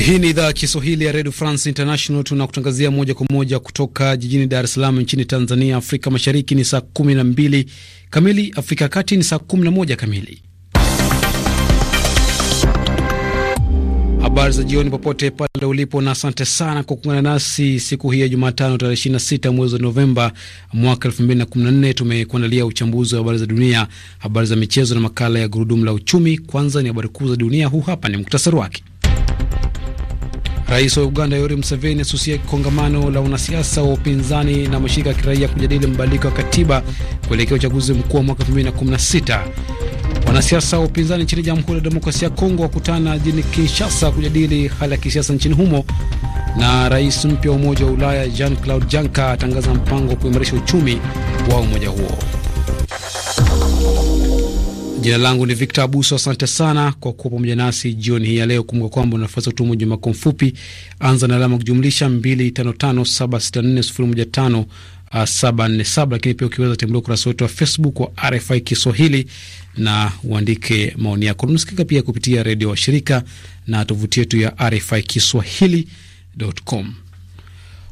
Hii ni idhaa ya Kiswahili ya redio France International. Tunakutangazia moja kwa moja kutoka jijini Dar es Salaam nchini Tanzania. Afrika Mashariki ni saa 12 kamili, Afrika ya Kati ni saa 11 kamili. Habari za jioni popote pale ulipo, na asante sana kwa kuungana nasi siku hii ya Jumatano tarehe 26 mwezi wa Novemba mwaka 2014. Tumekuandalia uchambuzi wa habari za dunia, habari za michezo na makala ya gurudumu la uchumi. Kwanza ni habari kuu za dunia, huu hapa ni muktasari wake. Rais wa Uganda Yoweri Museveni asusia kongamano la wanasiasa wa upinzani na mashirika ya kiraia kujadili mabadiliko ya katiba kuelekea uchaguzi mkuu wa mwaka 2016. Wanasiasa wa upinzani nchini Jamhuri ya Demokrasia ya Kongo wakutana jijini Kinshasa kujadili hali ya kisiasa nchini humo. Na rais mpya wa Umoja wa Ulaya Jean Claude Juncker atangaza mpango wa kuimarisha uchumi wa umoja huo. Jina langu ni Victor Abuso. Asante sana kwa kuwa pamoja nasi jioni hii ya leo. Kumbuka kwamba unafasi utuma ujumbe wako mfupi, anza na alama kujumlisha 255764015747. Ah, Lakini pia ukiweza tembelea ukurasa wetu wa Facebook wa RFI Kiswahili na uandike maoni yako. Tunasikika pia kupitia redio wa shirika na tovuti yetu ya RFI Kiswahili.com.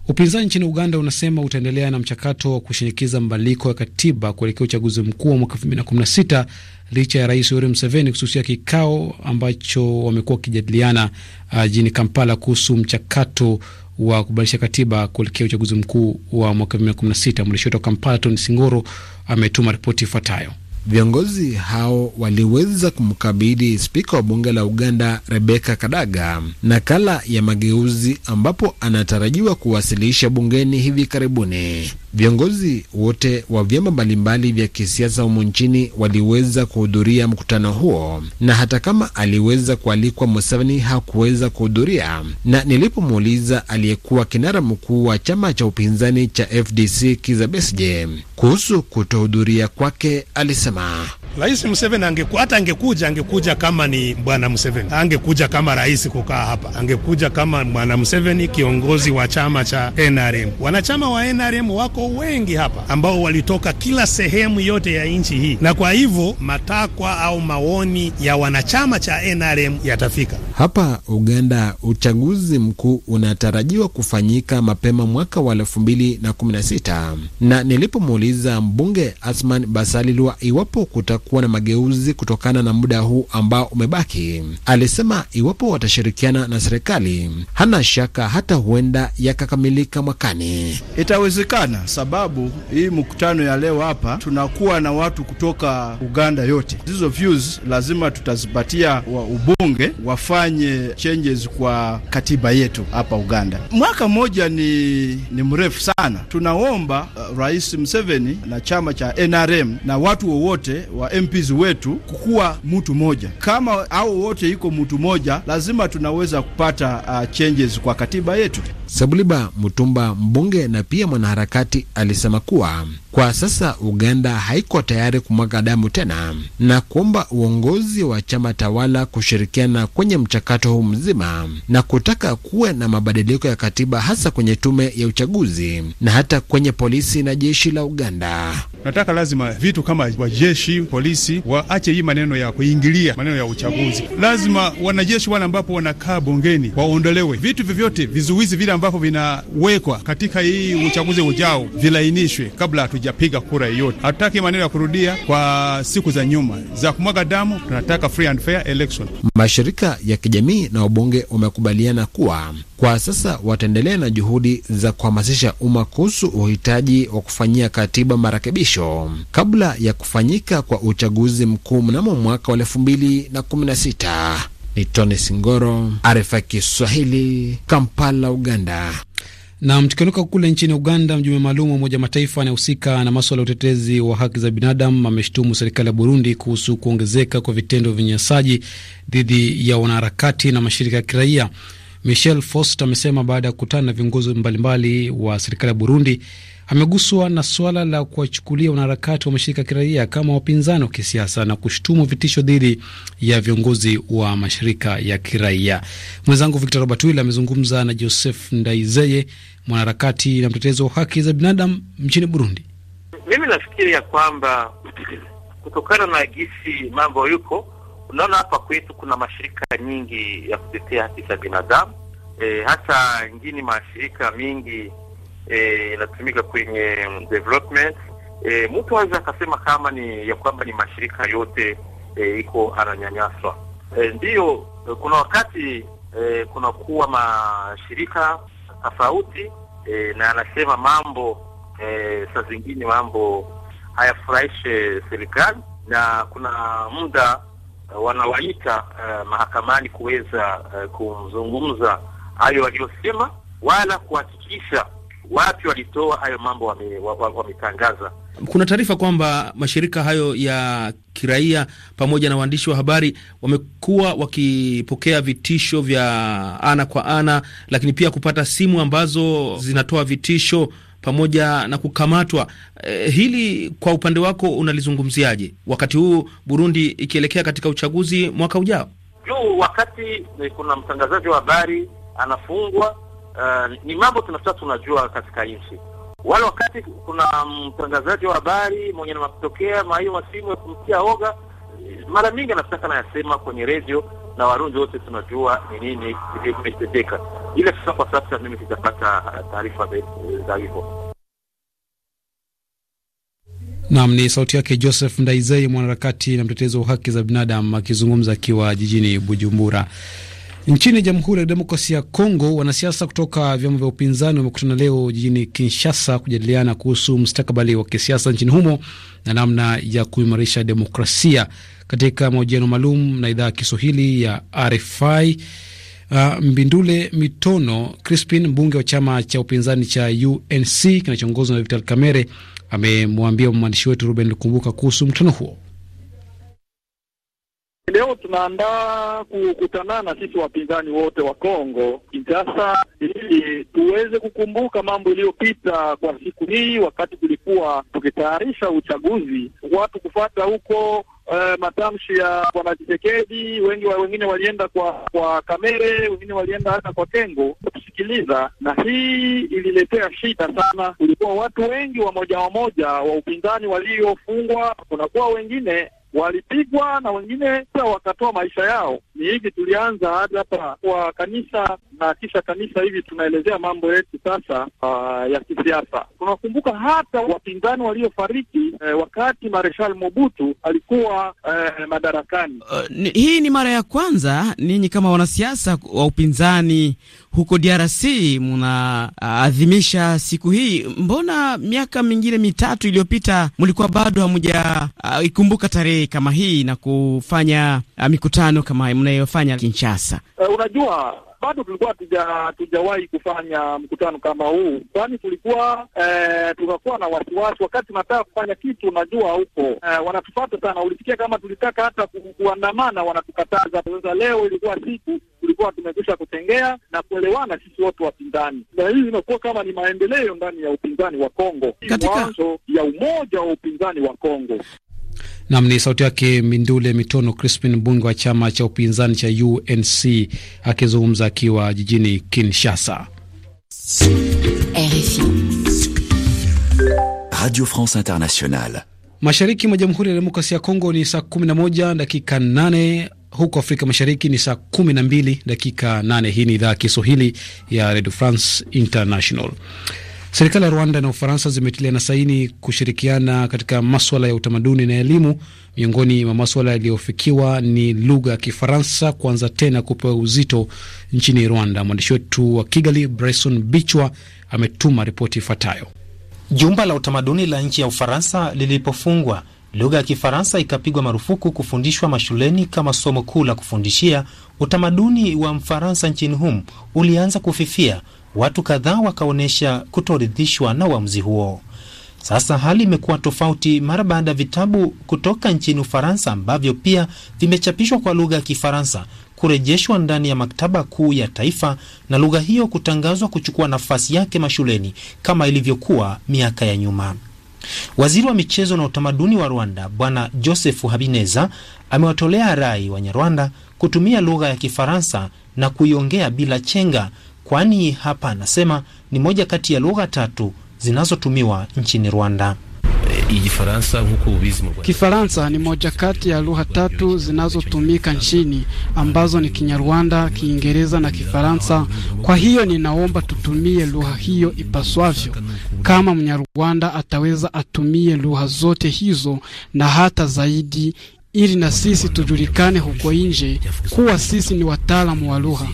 Upinzani nchini Uganda unasema utaendelea na mchakato wa kushinikiza mabadiliko ya katiba kuelekea uchaguzi mkuu wa mwaka 2016 licha ya Rais Yoweri Museveni kususia kikao ambacho wamekuwa wakijadiliana uh, jijini uh, Kampala kuhusu mchakato wa kubadilisha katiba kuelekea uchaguzi mkuu wa mwaka 2016. Mwandishi wetu wa Kampala Tony Singoro ametuma ripoti ifuatayo. Viongozi hao waliweza kumkabidhi spika wa bunge la Uganda Rebeka Kadaga nakala ya mageuzi ambapo anatarajiwa kuwasilisha bungeni hivi karibuni. Viongozi wote wa vyama mbalimbali vya kisiasa humu nchini waliweza kuhudhuria mkutano huo, na hata kama aliweza kualikwa, Museveni hakuweza kuhudhuria. Na nilipomuuliza aliyekuwa kinara mkuu wa chama cha upinzani cha FDC kizabesje kuhusu kutohudhuria kwake, alisema Rais Museveni angeku, hata angekuja angekuja kama ni bwana Museveni, angekuja kama rais kukaa hapa, angekuja kama bwana Museveni, kiongozi wa chama cha NRM. Wanachama wa NRM wako wengi hapa ambao walitoka kila sehemu yote ya nchi hii, na kwa hivyo matakwa au maoni ya wanachama cha NRM yatafika hapa. Uganda, uchaguzi mkuu unatarajiwa kufanyika mapema mwaka wa 2016 na na nilipomuuliza mbunge Asman Basalirwa iwapo kuta kuwa na mageuzi kutokana na muda huu ambao umebaki, alisema. Iwapo watashirikiana na serikali, hana shaka hata huenda yakakamilika mwakani. Itawezekana sababu hii mkutano ya leo hapa tunakuwa na watu kutoka Uganda yote. Hizo views lazima tutazipatia wa ubunge wafanye changes kwa katiba yetu hapa Uganda. Mwaka mmoja ni, ni mrefu sana. Tunaomba uh, Rais Museveni na chama cha NRM na watu wowote wa MPs wetu kukuwa mtu moja, kama au wote iko mtu moja, lazima tunaweza kupata uh, changes kwa katiba yetu. Sabuliba Mutumba, mbunge na pia mwanaharakati, alisema kuwa kwa sasa Uganda haiko tayari kumwaga damu tena na kuomba uongozi wa chama tawala kushirikiana kwenye mchakato huu mzima na kutaka kuwe na mabadiliko ya katiba, hasa kwenye tume ya uchaguzi na hata kwenye polisi na jeshi la Uganda. Nataka lazima vitu kama wajeshi, polisi waache hii maneno ya kuingilia maneno ya uchaguzi. Lazima wanajeshi wale ambapo wanakaa bungeni waondolewe, vitu vyovyote vizuizi vile ambavyo vinawekwa katika hii uchaguzi ujao vilainishwe kabla hatujapiga kura yoyote. Hatutaki maneno ya kurudia kwa siku za nyuma za kumwaga damu, tunataka free and fair election. Mashirika ya kijamii na wabunge wamekubaliana kuwa kwa sasa wataendelea na juhudi za kuhamasisha umma kuhusu uhitaji wa kufanyia katiba marekebisho kabla ya kufanyika kwa uchaguzi mkuu mnamo mwaka wa elfu mbili na kumi na sita. Ni Tony Singoro, RFI Kiswahili, Kampala, Uganda. Na tukiondoka kule nchini Uganda, mjumbe maalum wa Umoja Mataifa anayehusika na maswala ya utetezi wa haki za binadamu ameshtumu serikali ya Burundi kuhusu kuongezeka kwa vitendo vya unyanyasaji dhidi ya wanaharakati na mashirika ya kiraia. Michel Foster amesema baada ya kukutana na viongozi mbalimbali wa serikali ya Burundi Ameguswa na suala la kuwachukulia wanaharakati wa mashirika ya kiraia kama wapinzani wa kisiasa na kushutumu vitisho dhidi ya viongozi wa mashirika ya kiraia. Mwenzangu Victor Robert Wille amezungumza na Joseph Ndaizeye, mwanaharakati na mtetezi wa haki za binadamu nchini Burundi. Mimi nafikiri ya kwamba kutokana na gisi mambo yuko, unaona hapa kwetu kuna mashirika nyingi ya kutetea haki za binadamu e, eh, hata ngini mashirika mingi e, inatumika kwenye development e, mtu aweza akasema kama ni ya kwamba ni mashirika yote e, iko ananyanyaswa e, ndiyo. Kuna wakati e, kuna kuwa mashirika tofauti e, na anasema mambo e, saa zingine mambo hayafurahishe serikali, na kuna muda wanawaita uh, mahakamani kuweza uh, kumzungumza hayo waliosema, wala kuhakikisha wapi walitoa hayo mambo wametangaza. Kuna taarifa kwamba mashirika hayo ya kiraia pamoja na waandishi wa habari wamekuwa wakipokea vitisho vya ana kwa ana, lakini pia kupata simu ambazo zinatoa vitisho pamoja na kukamatwa. E, hili kwa upande wako unalizungumziaje, wakati huu Burundi ikielekea katika uchaguzi mwaka ujao? Juu wakati kuna mtangazaji wa habari anafungwa uh, ni mambo tunafuta tunajua katika nchi wale wakati kuna mtangazaji wa habari mwenye namapotokea mahiyo masimu ya kumtia oga, mara mingi anataka nayasema kwenye redio na Warundi wote tunajua ni nini imetendeka. Ile sasa, kwa sasa mimi sijapata taarifa za hivyo. Naam, ni sauti yake Joseph Ndaizei, mwanaharakati na mtetezi wa haki za binadamu akizungumza akiwa jijini Bujumbura. Nchini Jamhuri ya Demokrasia ya Kongo, wanasiasa kutoka vyama vya upinzani wamekutana leo jijini Kinshasa kujadiliana kuhusu mustakabali wa kisiasa nchini humo na namna ya kuimarisha demokrasia. Katika mahojiano maalum na idhaa ya Kiswahili ya RFI, uh, Mbindule Mitono Crispin, mbunge wa chama cha upinzani cha UNC kinachoongozwa na Vital camere amemwambia mwandishi wetu Ruben Lukumbuka kuhusu mkutano huo. Leo tunaandaa kukutana na sisi wapinzani wote wa Kongo Kinshasa, ili tuweze kukumbuka mambo iliyopita kwa siku hii, wakati kulikuwa tukitayarisha uchaguzi, watu kufata huko Uh, matamshi ya bwana Tshisekedi, wengi wa, wengine walienda kwa kwa Kamere, wengine walienda hata kwa Kengo kusikiliza, na hii ililetea shida sana. Kulikuwa watu wengi wa moja wa moja wa upinzani waliofungwa, kunakuwa wengine walipigwa na wengine pia wakatoa maisha yao ni hivi, tulianza hadi hapa kwa kanisa na kisha kanisa hivi tunaelezea mambo yetu sasa uh, ya kisiasa. Tunakumbuka hata wapinzani waliofariki eh, wakati Mareshal Mobutu alikuwa eh, madarakani. Uh, ni, hii ni mara ya kwanza ninyi kama wanasiasa wa upinzani huko DRC mnaadhimisha ah, uh, siku hii. Mbona miaka mingine mitatu iliyopita mlikuwa bado hamuja uh, ikumbuka tarehe kama hii na kufanya uh, mikutano kama hii? inayofanya Kinshasa? Uh, unajua bado tulikuwa hatujawahi kufanya mkutano kama huu, kwani tulikuwa e, eh, tukakuwa na wasiwasi wakati nataka kufanya kitu. Unajua huko e, wanatufata sana. Ulisikia kama tulitaka hata kuandamana wanatukataza. Sasa leo ilikuwa siku tulikuwa tumekwisha kutengea na kuelewana sisi wote wapinzani, na hii imekuwa kama ni maendeleo ndani ya upinzani wa Kongo, katika mwanzo ya umoja wa upinzani wa Kongo. Nam ni sauti yake Mindule Mitono Crispin, mbunge wa chama cha upinzani cha UNC akizungumza akiwa jijini Kinshasa. RFI Radio France Internationale. Mashariki mwa Jamhuri ya Demokrasia ya Kongo ni saa 11 dakika 8 huko Afrika Mashariki ni saa 12 dakika 8. Hii ni idhaa ya Kiswahili ya Radio France International. Serikali ya Rwanda na Ufaransa zimetilia na saini kushirikiana katika maswala ya utamaduni na elimu. Miongoni mwa maswala yaliyofikiwa ni lugha ya Kifaransa kuanza tena kupewa uzito nchini Rwanda. Mwandishi wetu wa Kigali, Bryson Bichwa, ametuma ripoti ifuatayo. Jumba la utamaduni la nchi ya Ufaransa lilipofungwa, lugha ya Kifaransa ikapigwa marufuku kufundishwa mashuleni kama somo kuu la kufundishia. Utamaduni wa Mfaransa nchini humu ulianza kufifia watu kadhaa wakaonyesha kutoridhishwa na uamuzi huo. Sasa hali imekuwa tofauti mara baada ya vitabu kutoka nchini Ufaransa ambavyo pia vimechapishwa kwa lugha ya Kifaransa kurejeshwa ndani ya maktaba kuu ya taifa na lugha hiyo kutangazwa kuchukua nafasi yake mashuleni kama ilivyokuwa miaka ya nyuma. Waziri wa michezo na utamaduni wa Rwanda Bwana Joseph Habineza amewatolea rai Wanyarwanda kutumia lugha ya Kifaransa na kuiongea bila chenga kwani hapa anasema ni moja kati ya lugha tatu zinazotumiwa nchini Rwanda. Eh, Kifaransa ni moja kati ya lugha tatu zinazotumika nchini ambazo ni Kinyarwanda, Kiingereza na Kifaransa. Kwa hiyo ninaomba tutumie lugha hiyo ipaswavyo. Kama Mnyarwanda ataweza atumie lugha zote hizo na hata zaidi, ili na sisi tujulikane huko nje kuwa sisi ni wataalamu wa lugha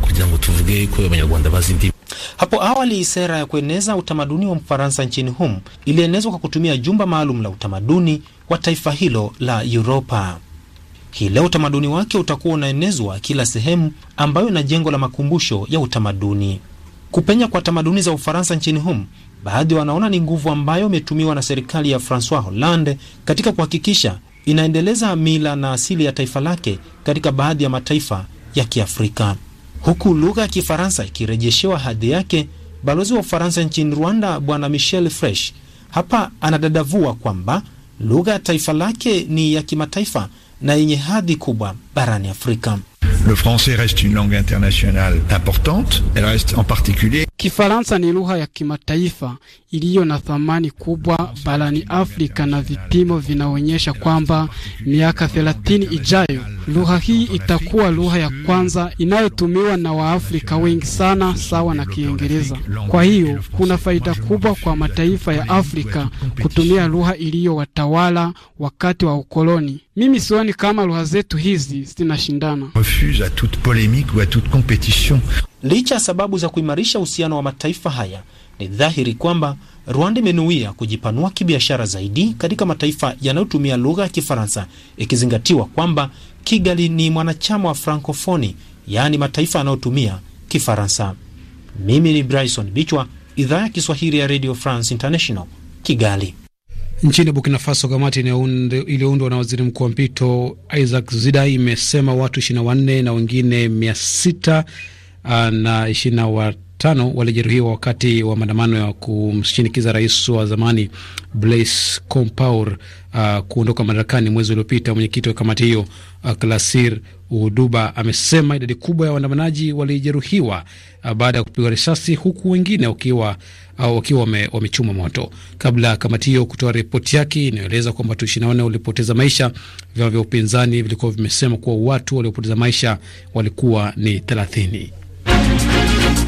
kugira ngo tuvuge ko abanyarwanda bazi ndimi. Hapo awali sera ya kueneza utamaduni wa Mfaransa nchini hum ilienezwa kwa kutumia jumba maalum la utamaduni wa taifa hilo la Uropa. hile utamaduni wake utakuwa unaenezwa kila sehemu ambayo ina jengo la makumbusho ya utamaduni. Kupenya kwa tamaduni za Ufaransa nchini humu baadhi wanaona ni nguvu ambayo imetumiwa na serikali ya Francois Hollande katika kuhakikisha inaendeleza mila na asili ya taifa lake katika baadhi ya mataifa ya Kiafrika huku lugha ya Kifaransa ikirejeshewa hadhi yake. Balozi wa Ufaransa nchini Rwanda Bwana Michel Fresh hapa anadadavua kwamba lugha ya taifa lake ni ya kimataifa na yenye hadhi kubwa barani Afrika. Le français reste une langue internationale importante. Elle reste en particulier Kifaransa ni lugha ya kimataifa iliyo na thamani kubwa barani Afrika na vipimo vinaonyesha kwamba miaka 30 ijayo lugha hii itakuwa lugha ya kwanza inayotumiwa na Waafrika wengi sana sawa na Kiingereza. Kwa hiyo kuna faida kubwa kwa mataifa ya Afrika kutumia lugha iliyowatawala wakati wa ukoloni. Mimi sioni kama lugha zetu hizi zinashindana. Licha ya sababu za kuimarisha uhusiano wa mataifa haya, ni dhahiri kwamba Rwanda imenuia kujipanua kibiashara zaidi katika mataifa yanayotumia lugha ya Kifaransa, ikizingatiwa kwamba Kigali ni mwanachama wa Frankofoni, yaani mataifa yanayotumia Kifaransa. Mimi ni Bryson Bichwa idhaa ya Kiswahili ya Radio France International, Kigali. Nchini Burkina Faso, kamati iliyoundwa na waziri mkuu wa mpito Isaac Zida imesema watu 24 na wengine 625 ah, na walijeruhiwa wakati wa maandamano ya kumshinikiza rais wa zamani Blaise Compaore uh, kuondoka madarakani mwezi uliopita. Mwenyekiti wa kamati hiyo uh, ah, Klasir Uduba amesema idadi kubwa ya waandamanaji walijeruhiwa uh, baada ya kupigwa risasi huku wengine wakiwa uh, wakiwa wamechuma moto. Kabla ya kamati hiyo kutoa ripoti yake inayoeleza kwamba watu ishirini na wanne walipoteza maisha, vyama vya upinzani vilikuwa vimesema kuwa watu waliopoteza maisha walikuwa ni thelathini.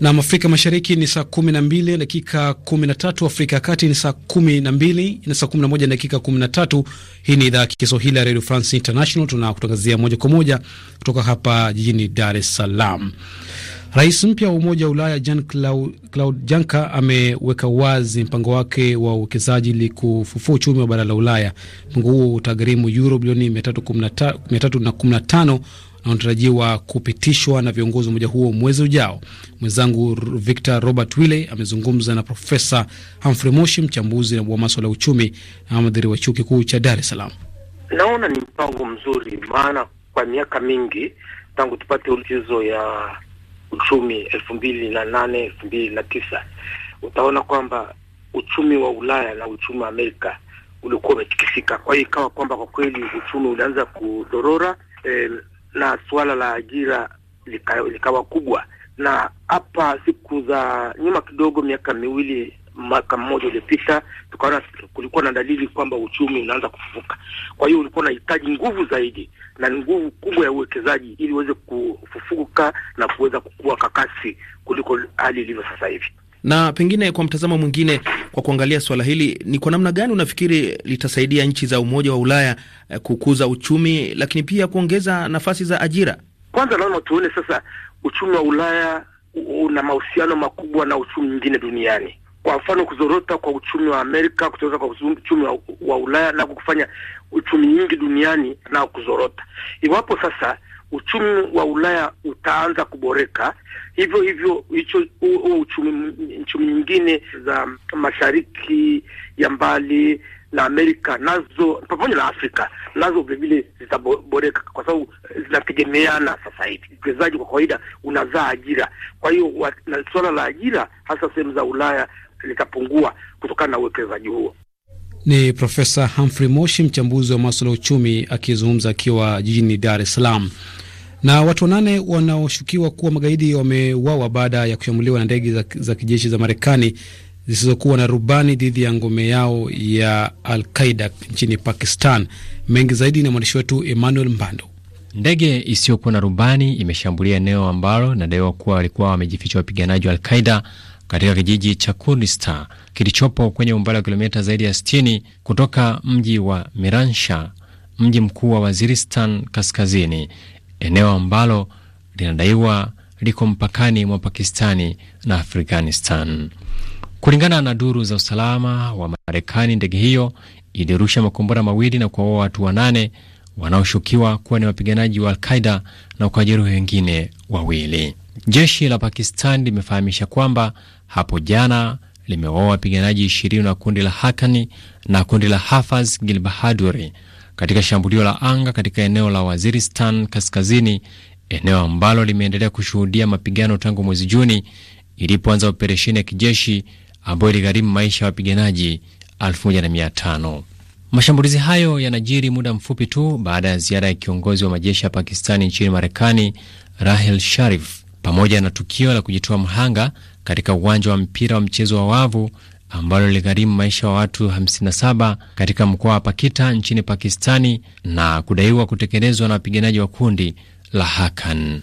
Nam Afrika Mashariki ni saa kumi na mbili dakika kumi na tatu. Afrika ya Kati ni saa kumi na mbili na saa kumi na moja dakika kumi na tatu. Hii ni idhaa ya Kiswahili ya Radio France International, tunakutangazia moja kwa moja kutoka hapa jijini Dar es Salaam. Rais mpya wa Umoja wa Ulaya Jean Claude Juncker ameweka wazi mpango wake wa uwekezaji ili kufufua uchumi wa bara la Ulaya. Mpango huo utagharimu euro bilioni 315 anaotarajiwa kupitishwa na viongozi wa umoja huo mwezi ujao. Mwenzangu Victor Robert Wille amezungumza na Profesa Humphrey Moshi, mchambuzi wa maswala ya uchumi na mhadhiri wa chuo kikuu cha Dar es Salaam. Naona ni mpango mzuri, maana kwa miaka mingi tangu tupate ulizo ya uchumi elfu mbili na nane elfu mbili na tisa utaona kwamba uchumi wa Ulaya na uchumi wa Amerika ulikuwa umetikisika. Kwa hiyo ikawa kwamba kwa kweli uchumi ulianza kudorora na suala la ajira likawa kubwa. Na hapa siku za nyuma kidogo, miaka miwili, mwaka mmoja uliopita, tukaona kulikuwa na dalili kwamba uchumi unaanza kufufuka. Kwa hiyo ulikuwa unahitaji nguvu zaidi na nguvu kubwa ya uwekezaji ili uweze kufufuka na kuweza kukua kwa kasi kuliko hali ilivyo sasa hivi. Na pengine kwa mtazamo mwingine, kwa kuangalia swala hili, ni kwa namna gani unafikiri litasaidia nchi za Umoja wa Ulaya eh, kukuza uchumi, lakini pia kuongeza nafasi za ajira? Kwanza lazima tuone sasa uchumi wa Ulaya una mahusiano makubwa na uchumi mwingine duniani. Kwa mfano, kuzorota kwa uchumi wa Amerika, kuzorota kwa uchumi wa, wa Ulaya na kufanya uchumi nyingi duniani nao kuzorota. Iwapo sasa uchumi wa Ulaya utaanza kuboreka, hivyo hivyo huo uchumi nyingine za mashariki ya mbali na Amerika nazo pamoja na Afrika nazo vilevile zitaboreka, kwa sababu zinategemeana. Sasa hivi uwekezaji kwa kawaida unazaa ajira, kwa hiyo na suala la ajira hasa sehemu za Ulaya litapungua kutokana na uwekezaji huo. Ni Profesa Humphrey Moshi, mchambuzi wa maswala ya uchumi, akizungumza akiwa jijini Dar es Salaam. Na watu wanane wanaoshukiwa kuwa magaidi wameuawa baada ya kushambuliwa na ndege za, za kijeshi za Marekani zisizokuwa na rubani dhidi ya ngome yao ya Al-Qaida nchini Pakistan. Mengi zaidi na mwandishi wetu Emmanuel Mbando. Ndege isiyokuwa na rubani imeshambulia eneo ambalo inadaiwa kuwa walikuwa wamejificha wapiganaji wa Alqaida katika kijiji cha kurdista kilichopo kwenye umbali wa kilomita zaidi ya 60 kutoka mji wa Miransha, mji mkuu wa Waziristan Kaskazini eneo ambalo linadaiwa liko mpakani mwa Pakistani na Afghanistan. Kulingana na duru za usalama wa Marekani, ndege hiyo ilirusha makombora mawili na kuwaua watu wanane wanaoshukiwa kuwa ni wapiganaji wa Alqaida na kuwajeruhi wengine wawili. Jeshi la Pakistan limefahamisha kwamba hapo jana limewaua wapiganaji ishirini wa kundi la Hakani na kundi la Hafaz Gilbahaduri katika shambulio la anga katika eneo la Waziristan Kaskazini, eneo ambalo limeendelea kushuhudia mapigano tangu mwezi Juni ilipoanza operesheni ya kijeshi ambayo iligharimu maisha ya wapiganaji 1500. Mashambulizi hayo yanajiri muda mfupi tu baada ya ziara ya kiongozi wa majeshi ya Pakistani nchini Marekani, Rahel Sharif, pamoja na tukio la kujitoa mhanga katika uwanja wa mpira wa mchezo wa wavu ambalo ligharimu maisha wa watu 57 katika mkoa wa Pakita nchini Pakistani na kudaiwa kutekelezwa na wapiganaji wa kundi la Hakan.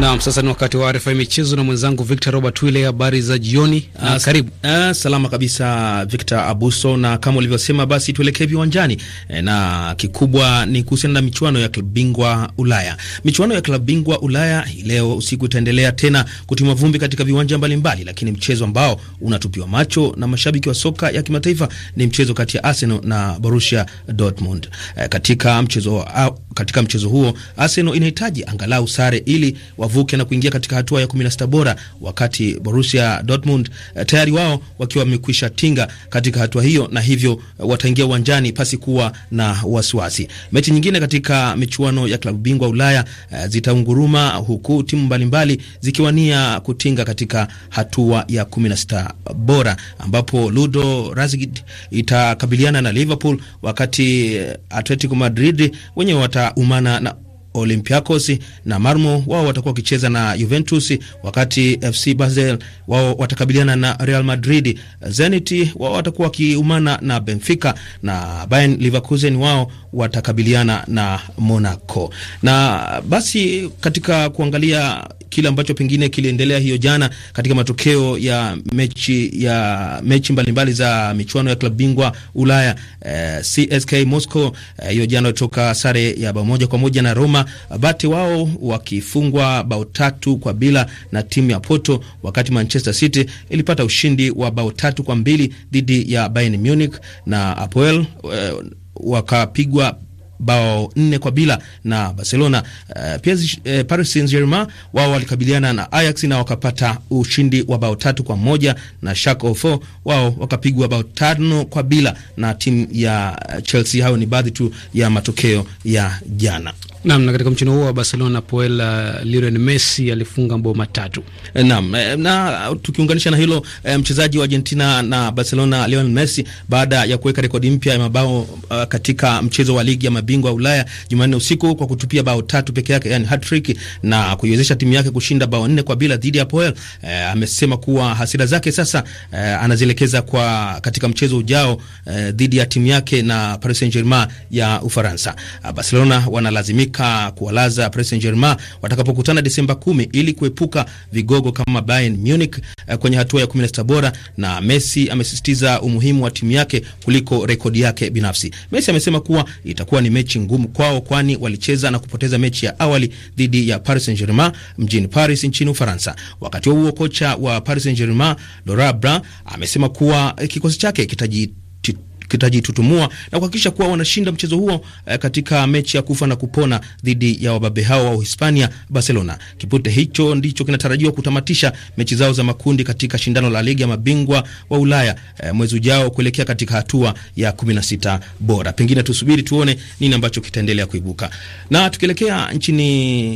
Naam, sasa ni wakati wa RFI michezo na mwenzangu Victor Robert Wile. Habari za jioni. uh, karibu. uh, salama kabisa Victor Abuso, na kama ulivyosema, basi tuelekee viwanjani e, na kikubwa ni kuhusiana na michuano ya klabu bingwa Ulaya. Michuano ya klabu bingwa Ulaya hii leo usiku itaendelea tena kutimwa vumbi katika viwanja mbalimbali, lakini mchezo ambao unatupiwa macho na mashabiki wa soka ya kimataifa ni mchezo kati ya Arsenal na Borussia Dortmund. E, katika mchezo, ah, katika mchezo huo Arsenal inahitaji angalau sare ili wa wavuke na kuingia katika hatua ya 16 bora, wakati Borussia Dortmund eh, tayari wao wakiwa wamekwisha tinga katika hatua hiyo, na hivyo eh, wataingia uwanjani pasi kuwa na wasiwasi. Mechi nyingine katika michuano ya klabu bingwa Ulaya eh, zitaunguruma huku timu mbalimbali zikiwania kutinga katika hatua ya 16 bora, ambapo Ludo Razgrad itakabiliana na Liverpool, wakati Atletico Madrid wenyewe wataumana na Olympiacos na marmo wao watakuwa wakicheza na Juventus, wakati FC Basel wao watakabiliana na Real Madrid. Zenit wao watakuwa wakiumana na Benfica na Bayern Leverkusen wao watakabiliana na Monaco. Na basi katika kuangalia kile ambacho pengine kiliendelea hiyo jana katika matokeo ya mechi ya mechi mbalimbali za michuano ya klabu bingwa Ulaya. Eh, CSK Moscow eh, hiyo eh, jana walitoka sare ya bao moja kwa moja na Roma, bate wao wakifungwa bao tatu kwa bila na timu ya Porto, wakati Manchester City ilipata ushindi wa bao tatu kwa mbili dhidi ya Bayern Munich na Apoel eh, wakapigwa bao nne kwa bila na Barcelona. Uh, pia uh, Paris Saint-Germain wao walikabiliana na Ajax na wakapata ushindi wa bao tatu kwa moja na Schalke 04 wao wakapigwa bao tano kwa bila na timu ya Chelsea. Hayo ni baadhi tu ya matokeo ya jana. Naam, na katika mchezo huo wa Barcelona Poel uh, Lionel Messi alifunga mabao matatu. Naam, eh, na tukiunganisha na hilo eh, mchezaji wa Argentina na Barcelona Lionel Messi baada ya kuweka rekodi mpya ya mabao uh, katika mchezo wa ligi ya mabingwa Ulaya Jumanne usiku kwa kutupia bao tatu peke yake, yani hat-trick na kuiwezesha timu yake kushinda bao nne kwa bila dhidi ya Puel, Uh, eh, amesema kuwa hasira zake sasa uh, anazielekeza kwa katika mchezo ujao uh, dhidi ya timu yake na Paris Saint-Germain ya Ufaransa. Uh, Barcelona wanalazimika kuweka kuwalaza Paris Saint-Germain watakapokutana Desemba kumi ili kuepuka vigogo kama Bayern Munich eh, kwenye hatua ya 16 bora, na Messi amesisitiza umuhimu wa timu yake kuliko rekodi yake binafsi. Messi amesema kuwa itakuwa ni mechi ngumu kwao, kwani walicheza na kupoteza mechi ya awali dhidi ya Paris Saint-Germain mjini Paris nchini Ufaransa. Wakati huo huo, kocha wa Paris Saint-Germain Laurent Blanc amesema kuwa eh, kikosi chake kitaji kitajitutumua na kuhakikisha kuwa wanashinda mchezo huo eh, katika mechi ya kufa na kupona dhidi ya wababe hao wa Uhispania Barcelona. Kipute hicho ndicho kinatarajiwa kutamatisha mechi zao za makundi katika shindano la ligi ya mabingwa wa Ulaya eh, mwezi ujao kuelekea katika hatua ya 16 bora. Pengine tusubiri tuone nini ambacho kitaendelea kuibuka. Na tukielekea nchini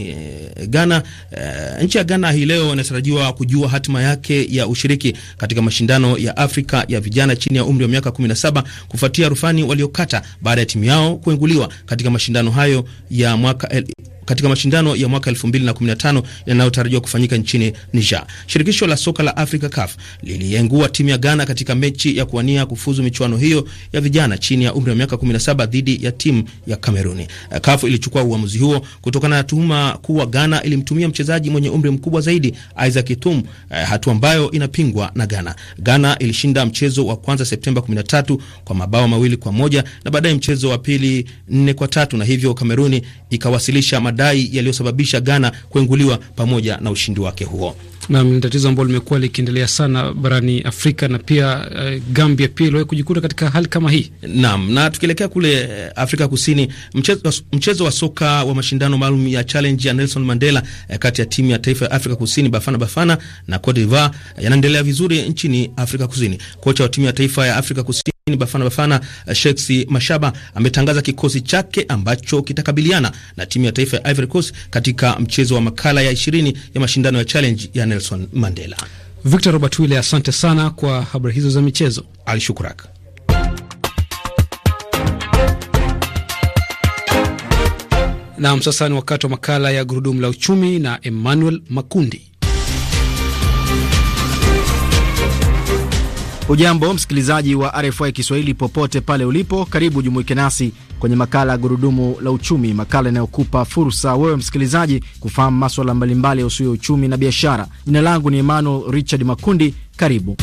eh, Ghana, eh, nchi ya Ghana hii leo inatarajiwa kujua hatima yake ya ushiriki katika mashindano ya Afrika ya vijana chini ya umri wa miaka 17 kufuatia rufani waliokata baada ya timu yao kuinguliwa katika mashindano hayo ya mwaka katika mashindano ya mwaka 2015 yanayotarajiwa kufanyika nchini Niger. Shirikisho la soka la Africa CAF liliengua timu ya Ghana katika mechi ya kuwania kufuzu michuano hiyo ya vijana chini ya umri wa miaka 17 dhidi ya timu ya Kameruni. CAF ilichukua uamuzi huo kutokana na tuhuma kuwa Ghana ilimtumia mchezaji mwenye umri mkubwa zaidi Isaac Itum, eh, hatua ambayo inapingwa na Ghana. Ghana ilishinda mchezo wa kwanza Septemba 13 kwa mabao mawili kwa moja na baadaye mchezo wa pili 4 kwa tatu, na hivyo Kameruni ikawasilisha madai yaliyosababisha Ghana kuenguliwa pamoja na ushindi wake huo. Nam, ni tatizo ambalo limekuwa likiendelea sana barani Afrika na pia uh, Gambia pia iliwahi kujikuta katika hali kama hii. Naam, na tukielekea kule eh, Afrika Kusini, mchezo, mchezo wa soka wa mashindano maalum ya challenge ya Nelson Mandela eh, kati ya timu ya taifa ya Afrika Kusini Bafana Bafana na Cote d'Ivoire yanaendelea vizuri nchini Afrika Kusini. Kocha wa timu ya taifa ya Afrika Kusini Bafana Bafana eh, Shexi Mashaba ametangaza kikosi chake ambacho kitakabiliana na timu ya taifa ya Ivory Coast katika mchezo wa makala ya 20 ya mashindano ya challenge ya Nelson Mandela. Victor Robert Wile, asante sana kwa habari hizo za michezo. Alishukuraka. Naam, sasa ni wakati wa makala ya gurudumu la uchumi na Emmanuel Makundi. Ujambo msikilizaji wa RFI Kiswahili popote pale ulipo, karibu jumuike nasi kwenye makala ya gurudumu la uchumi, makala inayokupa fursa wewe msikilizaji kufahamu maswala mbalimbali yahusuyo uchumi na biashara. Jina langu ni Emmanuel Richard Makundi, karibu